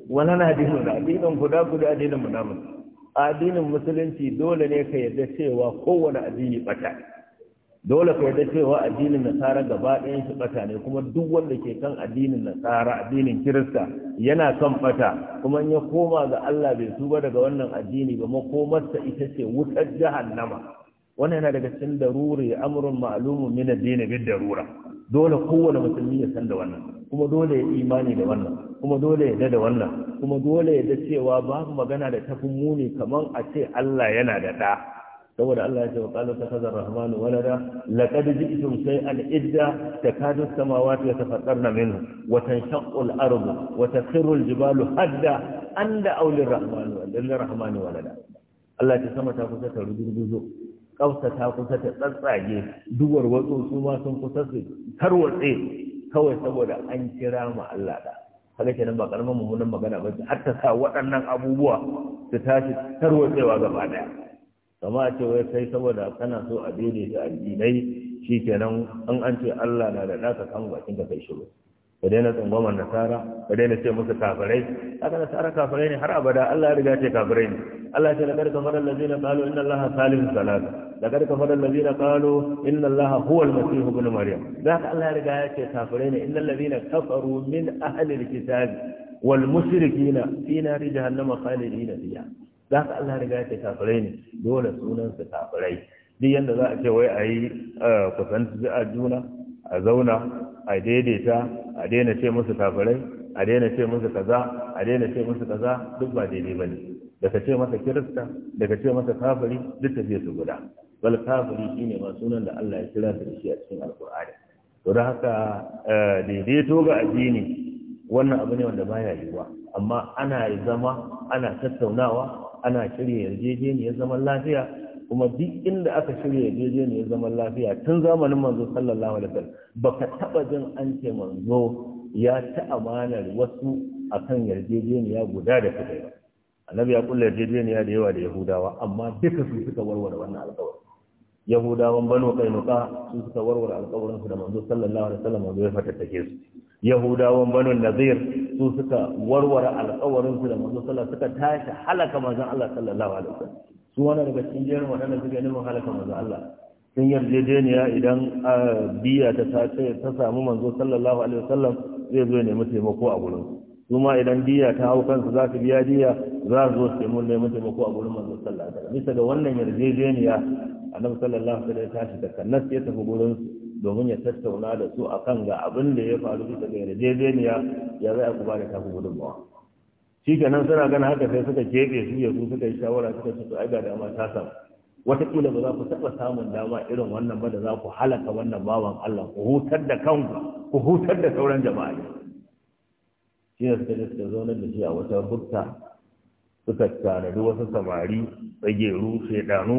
wala na dinu da addinin ku da ku da addinin mu A addinin musulunci dole ne ka yarda cewa kowane addini bata dole ka yarda cewa addinin nasara gaba ɗayan shi bata ne kuma duk wanda ke kan addinin nasara addinin kirista yana kan bata kuma in ya koma ga Allah bai tuba daga wannan addini ba makomarsa ita ce wutar jahannama wannan yana daga cikin daruri amrun ma'lumun min ad-din bid darura dole kowane musulmi ya san da wannan kuma dole ya imani da wannan kuma dole ya da wannan kuma dole ya da cewa babu magana da tafi muni kamar a ce Allah yana da ɗa saboda Allah ya ce wa qalu takhazar rahmanu walada laqad ji'tum shay'an idda takadu samawati yatafattarna minhu wa tanshaqqu al-ardu wa takhiru al-jibalu hadda anda awli rahmanu walada rahman walada Allah ta sama ta kusa ta rugurguzo kausa ta kusa ta tsatsage duwar wasu su ma sun kusa su tarwatse kawai saboda an kira mu Allah da kaga kenan ba karaman mummunan magana ba har ta sa waɗannan abubuwa su tashi tarwatsewa gaba daya kama ce wai kai saboda kana so a daidaita addinai shikenan an an ce Allah na da ɗaka kan bakin ka kai shiru ka daina tsangwamar nasara ka daina ce musu kafirai haka nasara kafirai ne har abada Allah ya riga ce kafirai ne Allah ce laqad kafara allazina qalu inna allaha salisu salasa laqad kafara na qalu inna allaha huwa almasih ibn maryam da haka Allah ya riga ya ce kafirai ne innal ladina kafaru min ahli alkitab wal mushrikina fi nar jahannama khalidina fiha da haka Allah ya riga ya ce kafirai ne dole sunan su kafirai duk yanda za a ce wai a yi eh, kusanci a juna a zauna a daidaita a daina ce musu kafirai a daina ce musu kaza a daina ce musu kaza duk ba daidai ba ne daga ce masa kirista daga ce masa kafiri duk tafiya su guda bal kafiri shine ma sunan da Allah ya kira da shi a cikin alkur'ani to da haka eh, daidaito ga addini wannan abu ne wanda baya yiwuwa amma ana zama ana tattaunawa ana shirya yarjejeniyar zaman lafiya kuma duk inda aka shirya yarjejeniyar zaman lafiya tun zamanin manzo sallallahu alaihi wasallam baka taba jin an ce manzo ya ta amanar wasu akan yarjejeniya guda da kuka ba annabi ya kulla yarjejeniya da yawa da yahudawa amma duka su suka warware wannan alƙawari yahudawan banu kainuka su suka warware alƙawarin su da manzo sallallahu alaihi wasallam manzo ya fatattake su yahudawan banu nazir su suka warware alƙawarin su da manzo sallallahu suka tashi halaka manzon Allah sallallahu alaihi wasallam su wani daga cikin jerin su suka nufin halaka manzo Allah sun yarjejeniya idan biya ta ta samu manzo sallallahu alaihi wasallam zai zo nemi taimako a gurin su ma idan biya ta hau kansu za su biya biya za su zo su nemi neman taimako a gurin manzo sallallahu alaihi wasallam bisa ga wannan yarjejeniya annabi sallallahu alaihi wasallam ya tashi da kannas ya tafi gurin domin ya tattauna da su akan ga abin da ya faru bisa ga yarjejeniya ya zai ku ba da tafi gudunmawa shi kenan suna gana haka sai suka keɓe su yanzu suka yi shawara suka ce ai ga dama ta samu wataƙila ba za ku taɓa samun dama irin wannan ba da za ku halaka wannan bawan Allah ku hutar da kanku ku hutar da sauran jama'a shi ne suka suka da shi a wata bukta suka tanadi wasu samari tsageru shaidanu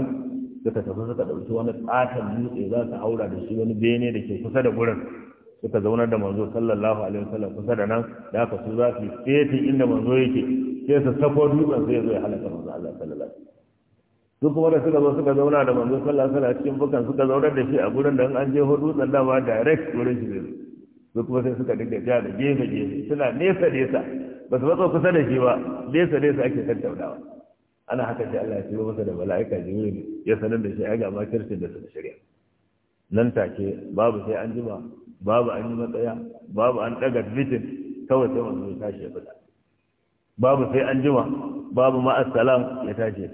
suka tafi suka ɗauki wani ƙaton dutse za su haura da shi wani bene da ke kusa da gurin suka zaunar da manzo sallallahu alaihi wasallam kusa da nan da aka su za su fete inda manzo yake sai su sako dutsen sai zo ya halaka manzo Allah sallallahu alaihi wasallam su kuma suka zo suka zauna da manzo sallallahu alaihi wasallam cikin bukan suka zaunar da shi a gurin da an je ho dutsen da ba direct gurin shi zai su kuma sai suka dinga ja da gefe gefe suna nesa nesa ba su matsa kusa da shi ba nesa nesa ake tattaunawa ana haka shi Allah ya turo masa da mala'ika jibril ya sanar da shi ai ga makircin da suka shirya nan take babu sai an jima babu an yi matsaya babu an daga mitin kawai sai wanzu ya tashi ya babu sai an jima babu ma assalam ya tashi ya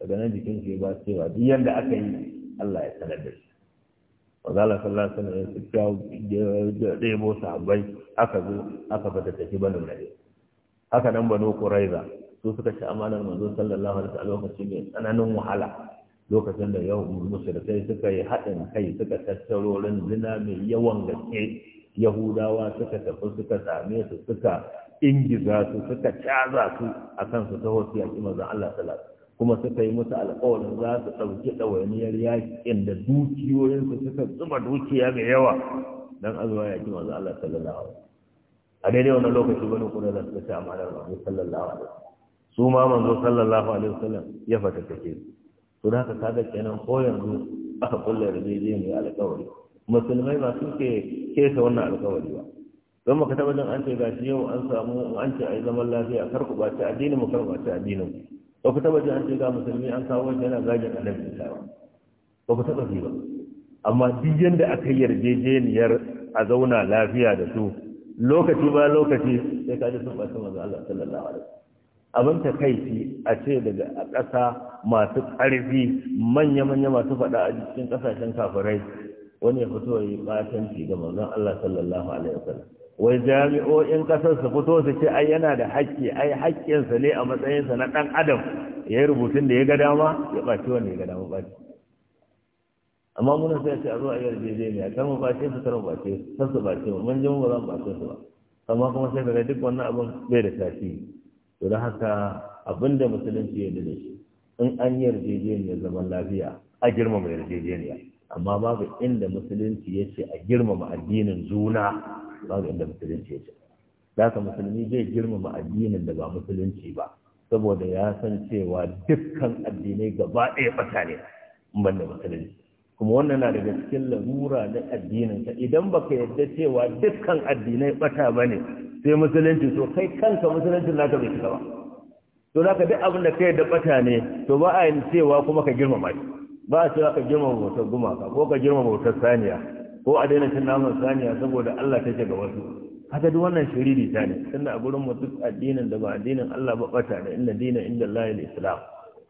daga nan jikin shi ba cewa duk yadda aka yi Allah ya sanar da shi wazala sallallahu alaihi wasallam ya ɗebo sahabbai aka zo aka fata tafi banu nare haka nan banu quraiza su suka ci amanar manzo sallallahu alaihi wasallam lokacin mai tsananin wahala lokacin da yawan musulkai suka yi haɗin kai suka tattaro zina mai yawan gaske yahudawa suka tafi suka same su suka ingiza su suka caza su a kansu su ta a yaƙi mazan Allah salatu kuma suka yi musu alƙawarin za su ɗauki ɗawainiyar yaƙin da dukiyoyinsu suka zuba dukiya mai yawa don azuwa yaƙi mazan Allah sallallahu alaihi a daidai wani lokaci wani kuma da suka ci da manzo sallallahu alaihi wasallam su ma manzo sallallahu alaihi wasallam ya fatattake su to da haka kaga kenan ko yanzu aka kulle da zai mai alƙawari musulmai ba su ke keta wannan alƙawari ba don maka taba jin an ce ga shi yau an samu an ce a yi zaman lafiya kar ku bace addinin mu kar ku bace addinin ba ku taba jin an ce ga musulmi an kawo wanda yana gajin annabi isa ba ba ku taba ba amma duk yadda aka yarjejeniyar a zauna lafiya da su lokaci ba lokaci sai ka ji sun ɓata manzo Allah sallallahu alaihi wasallam abin takaici a ce daga a ƙasa masu ƙarfi manya-manya masu faɗa a cikin ƙasashen kafirai wani ya fito yi ɓatanci ga manzon Allah sallallahu alaihi wasallam wai jami'o'in ƙasar su fito su ce ai yana da haƙƙi ai haƙƙinsa ne a matsayinsa na ɗan adam ya yi rubutun da ya ga dama ya ɓaci wanda ya ga dama ɓaci amma muna sai ce a zo a yarjejeniya kar mu ɓace su kar mu ɓace su kar su ɓace mu mun ji mu ba za mu ɓace su ba amma kuma sai ka ga duk wannan abin bai da tasiri to da haka abinda musulunci ya dade shi in an yi yarjejeniya zaman lafiya a girmama yarjejeniya amma babu inda musulunci ya ce a girmama addinin juna babu inda musulunci ya ce da haka musulmi zai girmama addinin da ba musulunci ba saboda ya san cewa dukkan addinai gaba ɗaya ɓata ne in ban da musulunci kuma wannan na daga cikin larura na addininka idan baka yadda cewa dukkan addinai bata bane sai musulunci to kai kanka musulunci naka bai shiga ba to ka duk abin da kai da bata ne to ba a yin cewa kuma ka girmama shi ba a cewa ka girmama bautar gumaka ko ka girmama bautar saniya ko a daina cin naman saniya saboda Allah take ga wasu haka duk wannan shiriri ta ne tunda a gurin mu duk addinin da ba addinin Allah ba bata da inna dina inda Allah islam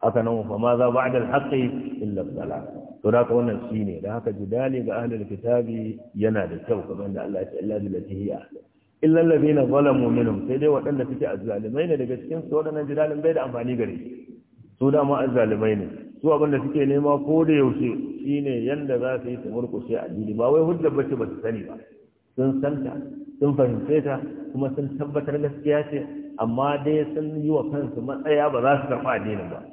Aka nan fa ma za ba'da da haqqi illa as to da wannan shine da haka jidali ga ahlul kitabi yana da kyau kamar da Allah ya ce illa billati hi illa alladhina zalamu minhum sai dai waɗanda suke azzalimai ne daga cikin su waɗannan jidalin bai da amfani gare su da ma azzalimai ne su abin suke nema ko da yaushe shine yanda za su yi su murkushe addini ba wai hujjar bace ba su sani ba sun santa sun fahimce ta kuma sun tabbatar gaskiya ce amma dai sun yi wa kansu matsaya ba za su karɓa addinin ba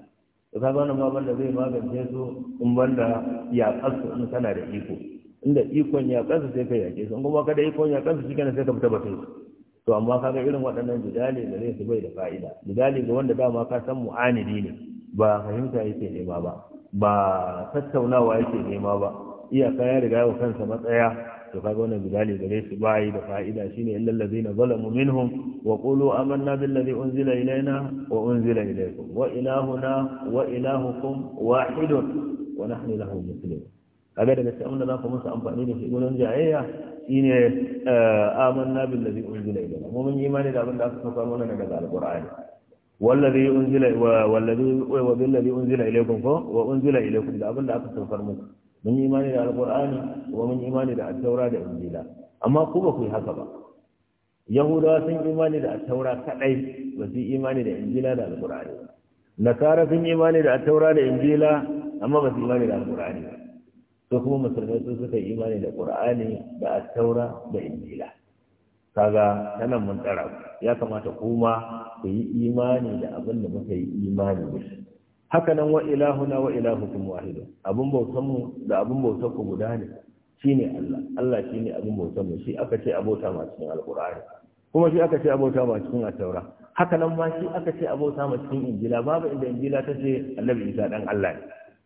Ka ga wannan ba da zai magance su in banda ya kasu in tana da iko inda ikon ya kasu sai ka yaƙe su in kuma ka da ikon ya kasu shikenan sai ka fita ba su to amma ka ga irin waɗannan jidali da zai su bai da fa'ida jidali ga wanda dama ka san mu'anidi ne ba fahimta yake nema ba ba tattaunawa yake nema ba Iya ya riga wa kansa matsaya to kaga wannan misali gare su ba yi da fa'ida shine illal ladzina zalamu minhum wa qulu amanna billazi unzila ilaina wa unzila ilaykum wa ilahuna wa ilahukum wahidun wa nahnu lahu muslimun kaga daga cikin abin da za ku musu amfani da shi gurin jayayya shine eh, amanna billazi unzila ilaina mu mun yi imani da abin da aka saukar mana daga alqur'ani wallazi unzila wa wallazi wa billazi unzila ilaykum ko wa unzila ilaykum da abin aka saukar muku mun yi imani da alqur'ani kuma mun yi imani da at-taura da injila amma ku ba ku yi haka ba yahudawa sun yi imani da at-taura kadai ba su yi imani da injila da alqur'ani nasara sun yi imani da at-taura da injila amma ba su yi imani da alqur'ani ba to kuma musulmai su suka yi imani da qur'ani da at-taura da injila kaga tanan mun tsara ya kamata kuma ku yi imani da abin da muka yi imani da shi haka nan wa ilahuna wa ilahukum wahidu abun bautan mu da abun bautar ku guda ne shine Allah Allah shine abun bautan mu shi aka ce abota ma cikin alqur'ani kuma shi aka ce abota ma cikin at-taura haka nan ma shi aka ce abota ma cikin injila babu inda injila ta ce annabi Isa dan Allah ne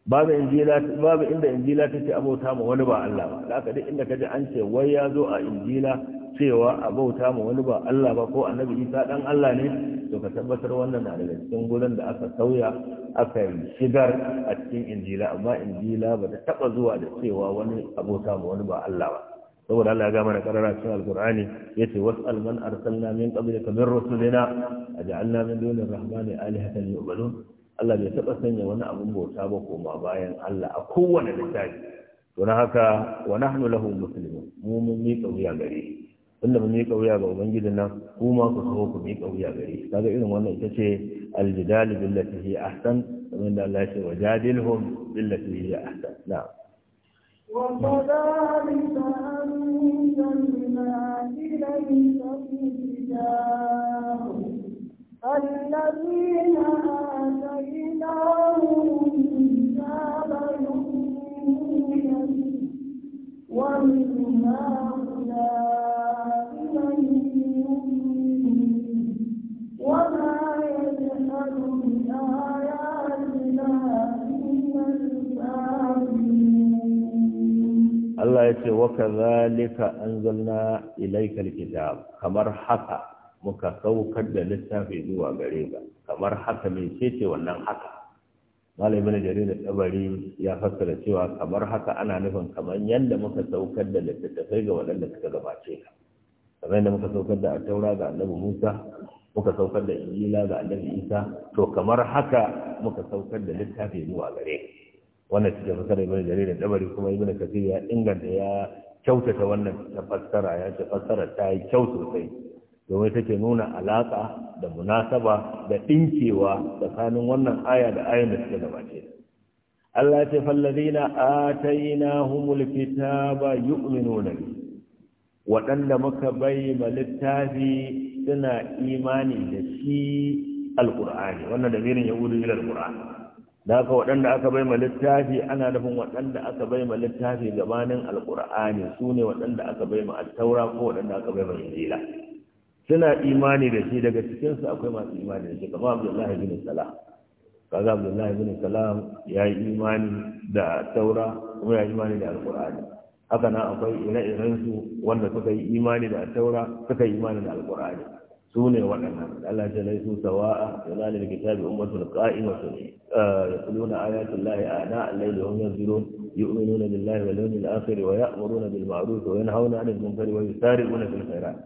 babu injila babu inda injila ta ce abota ma wani ba Allah ba da aka duk inda kaje an ce wai ya zo a injila cewa a bauta ma wani ba Allah ba ko annabi Isa dan Allah ne to ka tabbatar wannan na daga cikin gurin da aka sauya aka shigar a cikin injila amma injila ba ta taba zuwa da cewa wani a ma wani ba Allah ba saboda Allah ya ga mana karara cikin alkur'ani yace wasu man arsalna min qablika min rusulina aj'alna min dunir rahmani alihatan yu'badun Allah bai taba sanya wani abun bauta ba koma bayan Allah a kowane littafi to haka wa nahnu lahu muslimun mu mun miƙa wuya gare shi tunda ba miƙa wuya ga ubangijin nan ku ma ku kawo ku miƙa wuya gare shi kaga irin wannan ita ce aljidalu billati hi ahsan kamar da Allah ya ce wajadilhum billati hi ahsan na وكذلك أنزلنا إليك الكتاب الذين آتيناهم الكتاب يؤمنون به ومما Allah ya ce wa kadhalika anzalna ilaykal kitab kamar haka muka saukar da littafi zuwa gare ka kamar haka mai ce wannan haka malamin da tabari ya fassara cewa kamar haka ana nufin kamar yadda muka saukar da littattafai ga waɗanda suka gabace ka kamar yadda muka saukar da taura ga annabi musa muka saukar da injila ga annabi isa to kamar haka muka saukar da littafi zuwa gare ka wannan cikin fassara ibn jaririn dabari kuma ibn kathir ya inganta ya kyautata wannan fassara ya ce fassara ta yi kyau sosai domin take nuna alaka da munasaba da dinkewa tsakanin wannan aya da ayan da suke gabace Allah ce fallazina atainahumul kitaba yu'minuna bi waɗanda muka bai ma littafi suna imani da shi alqur'ani wannan da mirin yahudu ila alqur'ani da haka waɗanda aka bai ma littafi ana nufin waɗanda aka bai ma littafi gabanin alƙur'ani su ne waɗanda aka bai ma attaura ko waɗanda aka bai ma injila suna imani da shi daga cikinsu akwai masu imani da shi kama abdullahi bin salam kaza abdullahi bin salam ya yi imani da taura kuma ya yi imani da alkur'ani haka nan akwai ire-irensu wanda suka yi imani da taura suka yi imani da alkur'ani سوني وعنهم لألا جليسوا سواء جلال الكتاب أمة القائمة آه، يقولون آيات الله آناء الليل هم ينزلون يؤمنون بالله واليوم الآخر ويأمرون بالمعروف وينهون عن المنكر ويسارعون في الخيرات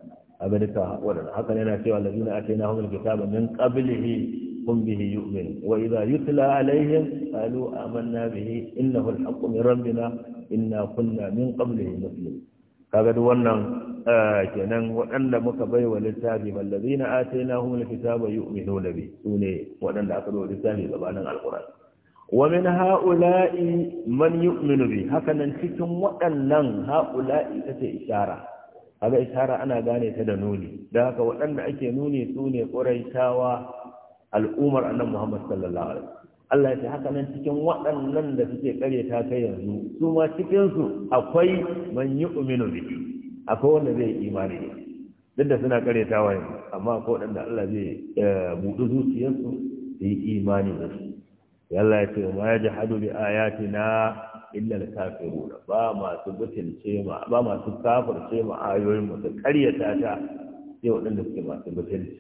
أبدك ولنا حقا لنا سوى الذين آتيناهم الكتاب من قبله هم به يؤمن وإذا يتلى عليهم قالوا آمنا به إنه الحق من ربنا إنا كنا من قبله مسلمين kaga duk wannan eh, kenan waɗanda muka bai wa littafi mallazi na ate na hun kitaba yu'minu da bi su ne waɗanda aka bai littafi gabanin alkur'ani wa min ha'ula'i man yu'minu bi haka nan cikin waɗannan ha'ula'i ta ce ishara kaga ishara ana gane ta da nuni da haka waɗanda ake nuni su ne ƙuraitawa al'ummar annabi Muhammad sallallahu alaihi wasallam Allah ya haka nan cikin waɗannan da suke karyata kai yanzu su ma cikin akwai man yi uminu biki akwai wanda zai yi imani da duk da suna karyatawa yanzu amma akwai waɗanda Allah zai eh, buɗe zuciyarsu su yi imani da su Allah ya ce ma ya jahadu bi ayatina illa al-kafirun ba masu butulce ma ba masu kafirce ma ayoyin mu su karyata ta sai waɗanda suke masu butulci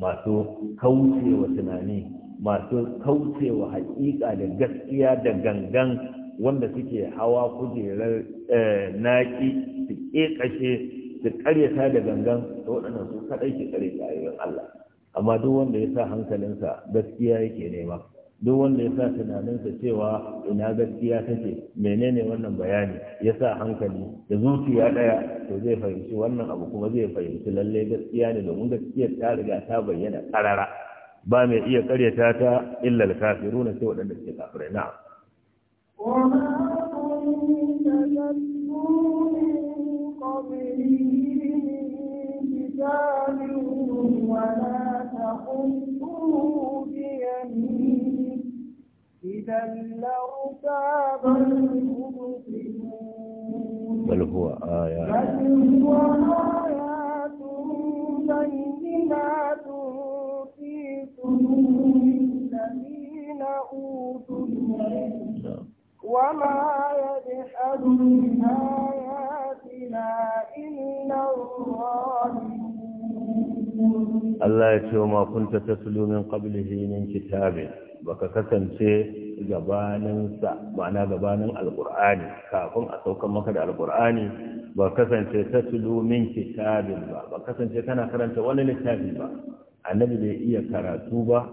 masu kaucewa tunani masu kaucewa haƙiƙa da gaskiya da gangan wanda suke hawa kujerar eh, naƙi su ƙeƙashe su ƙaryata da gangan da waɗannan su kaɗai ke ƙaryata Allah amma duk wanda ya sa hankalinsa gaskiya yake nema duk wanda ya sa tunaninsa cewa ina gaskiya take menene wannan bayani ya sa hankali da zuciya ɗaya to zai fahimci wannan abu kuma zai fahimci lallai gaskiya ne domin gaskiyar ta riga ta bayyana ƙarara ba mai iya karyata ta illa al-kafiruna sai waɗanda suke kafirai na'am ولا تخطوا بيمينك إذا لارتاب المبطلون بل هو آيات بل هو آيات بينات Allah ya ce wa makunta ta sulumin الظالمون الله يتوى ما kasance gabaninsa ma'ana gabanin alkur'ani kafin a saukan maka da alkur'ani ba kasance ta sulumin kitabin ba ba kasance kana karanta wani littafi ba annabi bai iya karatu ba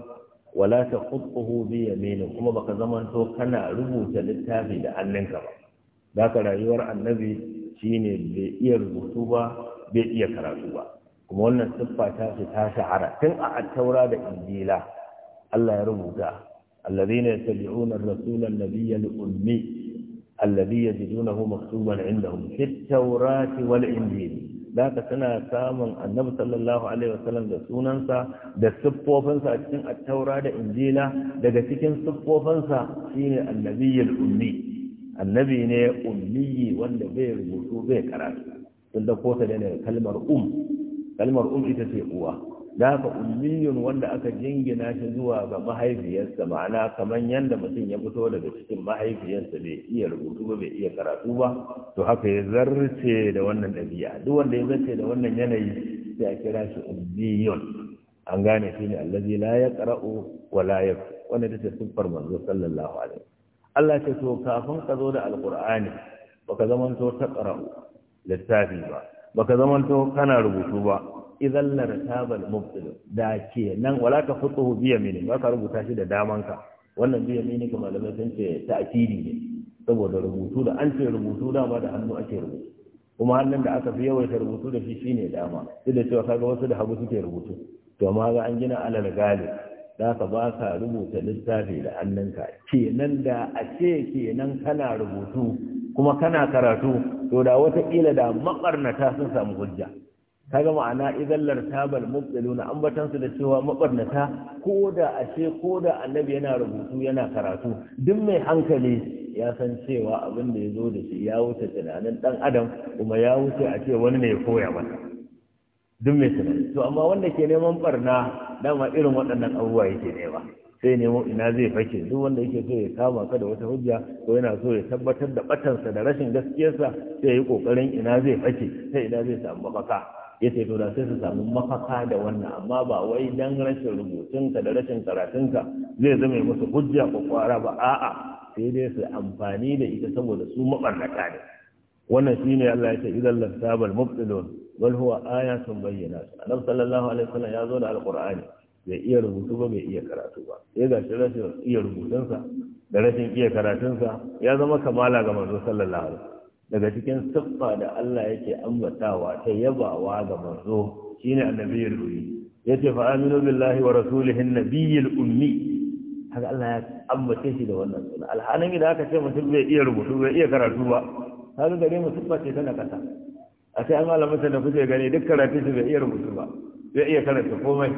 wala ta khutuhu bi yamini kuma baka zamanto kana rubuta littafi da hannunka ba zaka rayuwar annabi shine bai iya rubutu ba bai iya karatu ba kuma wannan siffa ta ce ta shahara tun a attaura da injila Allah ya rubuta alladhina yattabi'una ar-rasula an-nabiyya al-ummi alladhi yajidunahu maktuban 'indahum wal-injili da suna samun annabi sallallahu alaihi wasallam da sunansa da siffofinsa a cikin attaura da injila daga cikin siffofinsa shine annabiyyul ummi annabi ne ummi wanda bai rubutu bai karatu tunda ko ta da kalmar um kalmar um ita ce uwa da haka wanda aka jingina shi zuwa ga mahaifiyarsa ma'ana kamar yadda mutum ya fito daga cikin mahaifiyarsa bai iya rubutu ba bai iya karatu ba to haka ya zarce da wannan ɗabi'a duk wanda ya zarce da wannan yanayi sai a kira shi ulmiyun an gane shi ne allazi la yaqra'u wa la wannan ita ce siffar manzo sallallahu alaihi Allah ce to kafin ka zo da alqur'ani baka zamanto qara'u littafi ba baka zamanto kana rubutu ba idan lartabal mubtil da ke nan wala ka futuhu bi yamini ba ka rubuta shi da damanka wannan bi yamini ka malamai sun ce ne saboda rubutu da an ce rubutu ba da hannu ake rubutu kuma hannun da aka fi yawaita rubutu da shi shine dama duk da cewa kaga wasu da hagu suke rubutu to amma ga an gina alal galib da ka ba ka rubuta littafi da hannunka kenan da a ce kenan kana rubutu kuma kana karatu to da watakila da makarnata sun samu hujja kaga ma'ana idan lartabal mubtiluna ambatan su da cewa mabarnata koda da ashe ko da annabi yana rubutu yana karatu duk mai hankali ya san cewa abin da ya zo da shi ya wuce tunanin dan adam kuma ya wuce a ce wani ne ya koya masa duk mai tunani to amma wanda ke neman barna dama irin waɗannan abubuwa yake nema sai nemo ina zai fake duk wanda yake so ya kama ka da wata hujja ko yana so ya tabbatar da batansa da rashin gaskiyarsa sai ya yi kokarin ina zai fake sai ina zai samu mafaka ya ce to da sai su samu mafaka da wannan amma ba wai dan rashin rubutunka da rashin karatunka zai zama musu hujja ko kwara ba a'a sai dai su amfani da ita saboda su mabarnaka ne wannan shine Allah ya ce idan lantabal mubtilun wal huwa ayatun bayyinat annabi sallallahu alaihi wasallam ya zo da alqur'ani bai iya rubutu ba bai iya karatu ba sai ga rashin iya rubutunsa da rashin iya karatunsa ya zama kamala ga manzo sallallahu alaihi wasallam daga cikin siffa da Allah yake ambatawa ta yabawa ga manzo shine annabiyul ruhi yace fa aminu billahi wa rasulihi annabiyul ummi haka Allah ya ambace shi da wannan sunan alhalin idan aka ce mutum bai iya rubutu bai iya karatu ba haka gare mu siffa ce tana kasa a sai an malamin sa da kuke gani duk karatu shi bai iya rubutu ba zai iya karanta komai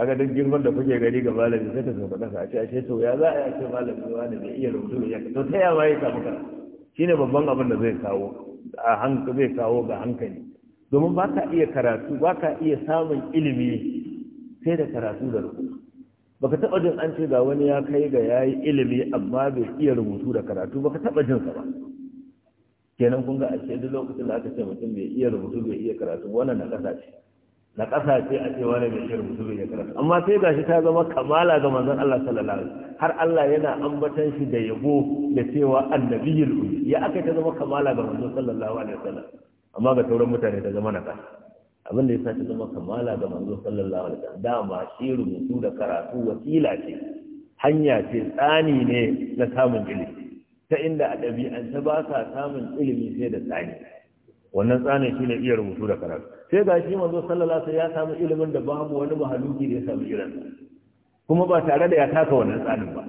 kaga duk girman da kuke gani ga malami sai ta sauka kasa a ce a ce to ya za a ce malami wani bai iya rubutu ya iya to ta yaya ya samu karatu shine babban abin da zai kawo a hankali zai kawo ga hankali domin ba ka iya karatu ba ka iya samun ilimi sai da karatu da rubutu baka taba jin an ce ga wani ya kai ga yayi ilimi amma bai iya rubutu da karatu baka taba jin sa ba kenan kun ga a duk lokacin da aka ce mutum bai iya rubutu bai iya karatu wannan na kasa ce da ƙasa ce a ce wani mai shirin mutum ya karanta amma sai shi ta zama kamala ga manzon Allah sallallahu alaihi wasallam har Allah yana ambatan shi da yabo da cewa annabiyul ummi ya aka ta zama kamala ga manzon sallallahu alaihi wasallam amma ga sauran mutane ta zama naka abin da yasa ta zama kamala ga manzon sallallahu alaihi wasallam dama shirin rubutu da karatu wasila ce hanya ce tsani ne na samun ilimi ta inda a ta ba sa samun ilimi sai da tsani wannan tsanin shine iya rubutu da karatu sai ga shi manzo sallallahu alaihi ya samu ilimin da babu wani mahaluki da ya samu irin kuma ba tare da ya taka wannan tsarin ba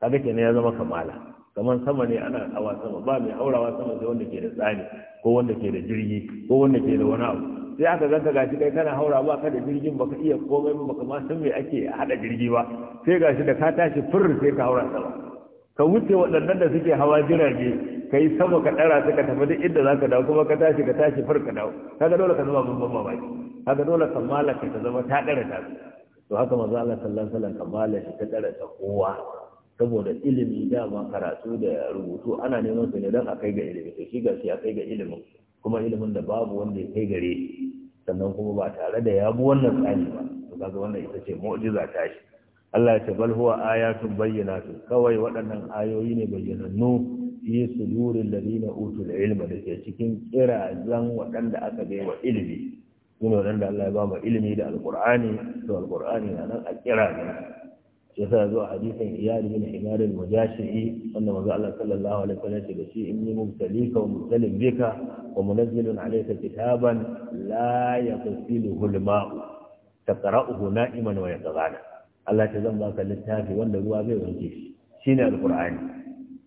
kaga kenan ya zama kamala kamar sama ne ana hawa sama ba mai haurawa sama sai wanda ke da tsari ko wanda ke da jirgi ko wanda ke da wani abu sai aka ga shi kai kana haura ba ka da jirgin baka iya komai ba baka ma san me ake hada jirgi ba sai gashi da ka tashi fur sai ka haura sama ka wuce waɗannan da suke hawa jirage ka yi sama ka ɗara suka tafi duk inda za ka dawo kuma ka tashi ka tashi far ka dawo kaga dole ka zama babban mamaki kaga dole kamala ka ta zama ta ɗara ta to haka manzo Allah sallallahu alaihi wasallam ka shi ta ɗara ta kowa saboda ilimi dama karatu da rubutu ana neman su ne don a kai ga ilimi to shi gaskiya a kai ga ilimin kuma ilimin da babu wanda ya kai gare sannan kuma ba tare da ya bi wannan tsari ba to kaga wannan ita ce mu'jiza ta shi Allah ya ce bal huwa ayatun bayyinatun kawai waɗannan ayoyi ne bayyanannu fi sudurin ladina utul ilma da ke cikin kirazan waɗanda aka bai wa ilimi yin waɗanda Allah ya ba mu ilimi da alqur'ani to alqur'ani na nan a kirazan shi yasa zo a hadisin iyali bin himar al-mujashiri wanda manzo Allah sallallahu alaihi wasallam ya ce shi inni mubtalika wa mubtalim bika wa munazzilun alayka kitaban la yaqsiluhu al-ma'u taqra'uhu na'iman wa yataghana Allah ta zan baka littafi wanda ruwa bai wanke shi shine alqur'ani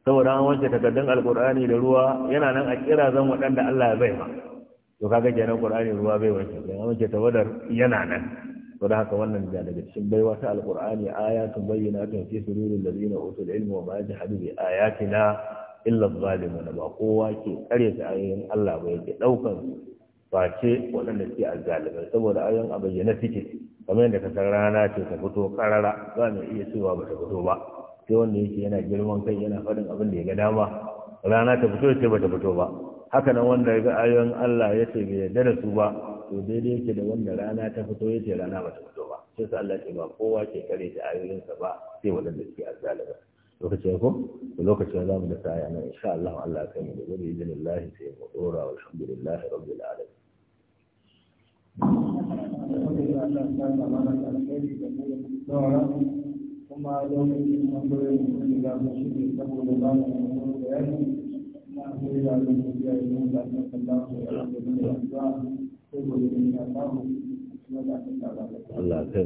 saboda an wanke takardun alqur'ani da ruwa yana nan a kira zan waɗanda Allah ya bai ma to kaga kenan qur'ani ruwa bai wanke sai an wanke tawadar yana nan saboda haka wannan da daga cikin baiwa ta alqur'ani ayatun bayyinatun fi sirril ladina utul ilmi wa ma jahadu bi ayatina illa wani ba kowa ke tsare ta ayoyin Allah ba yake daukan ce waɗanda a azzalimai saboda ayoyin a bayyana suke kamar yadda ka san rana ce ta fito karara ba mai iya cewa ba ta fito ba sai wanda yake yana girman kai yana faɗin abin da ya ga dama rana ta fito ce ba ta fito ba haka nan wanda ya ga ayoyin Allah ya ce bai yarda da su ba to daidai yake da wanda rana ta fito ya ce rana ba ta fito ba sai sa Allah ce ba kowa ke kare ta ayoyin sa ba sai da suke azzalima lokacin ko lokacin za mu da sa'aya nan insha Allah Allah ya kai da gobe idan Allah sai mu dora alhamdulillah rabbil alamin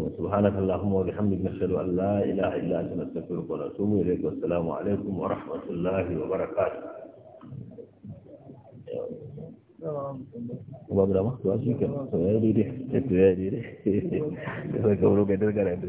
سبحانك اللهم وبحمدك نشهد ان لا اله الا انت نستغفرك ونتوب اليك والسلام عليكم ورحمه الله وبركاته ba da ma ba shi ke to ya daidai to ya daidai sai ka wuri ga dirgara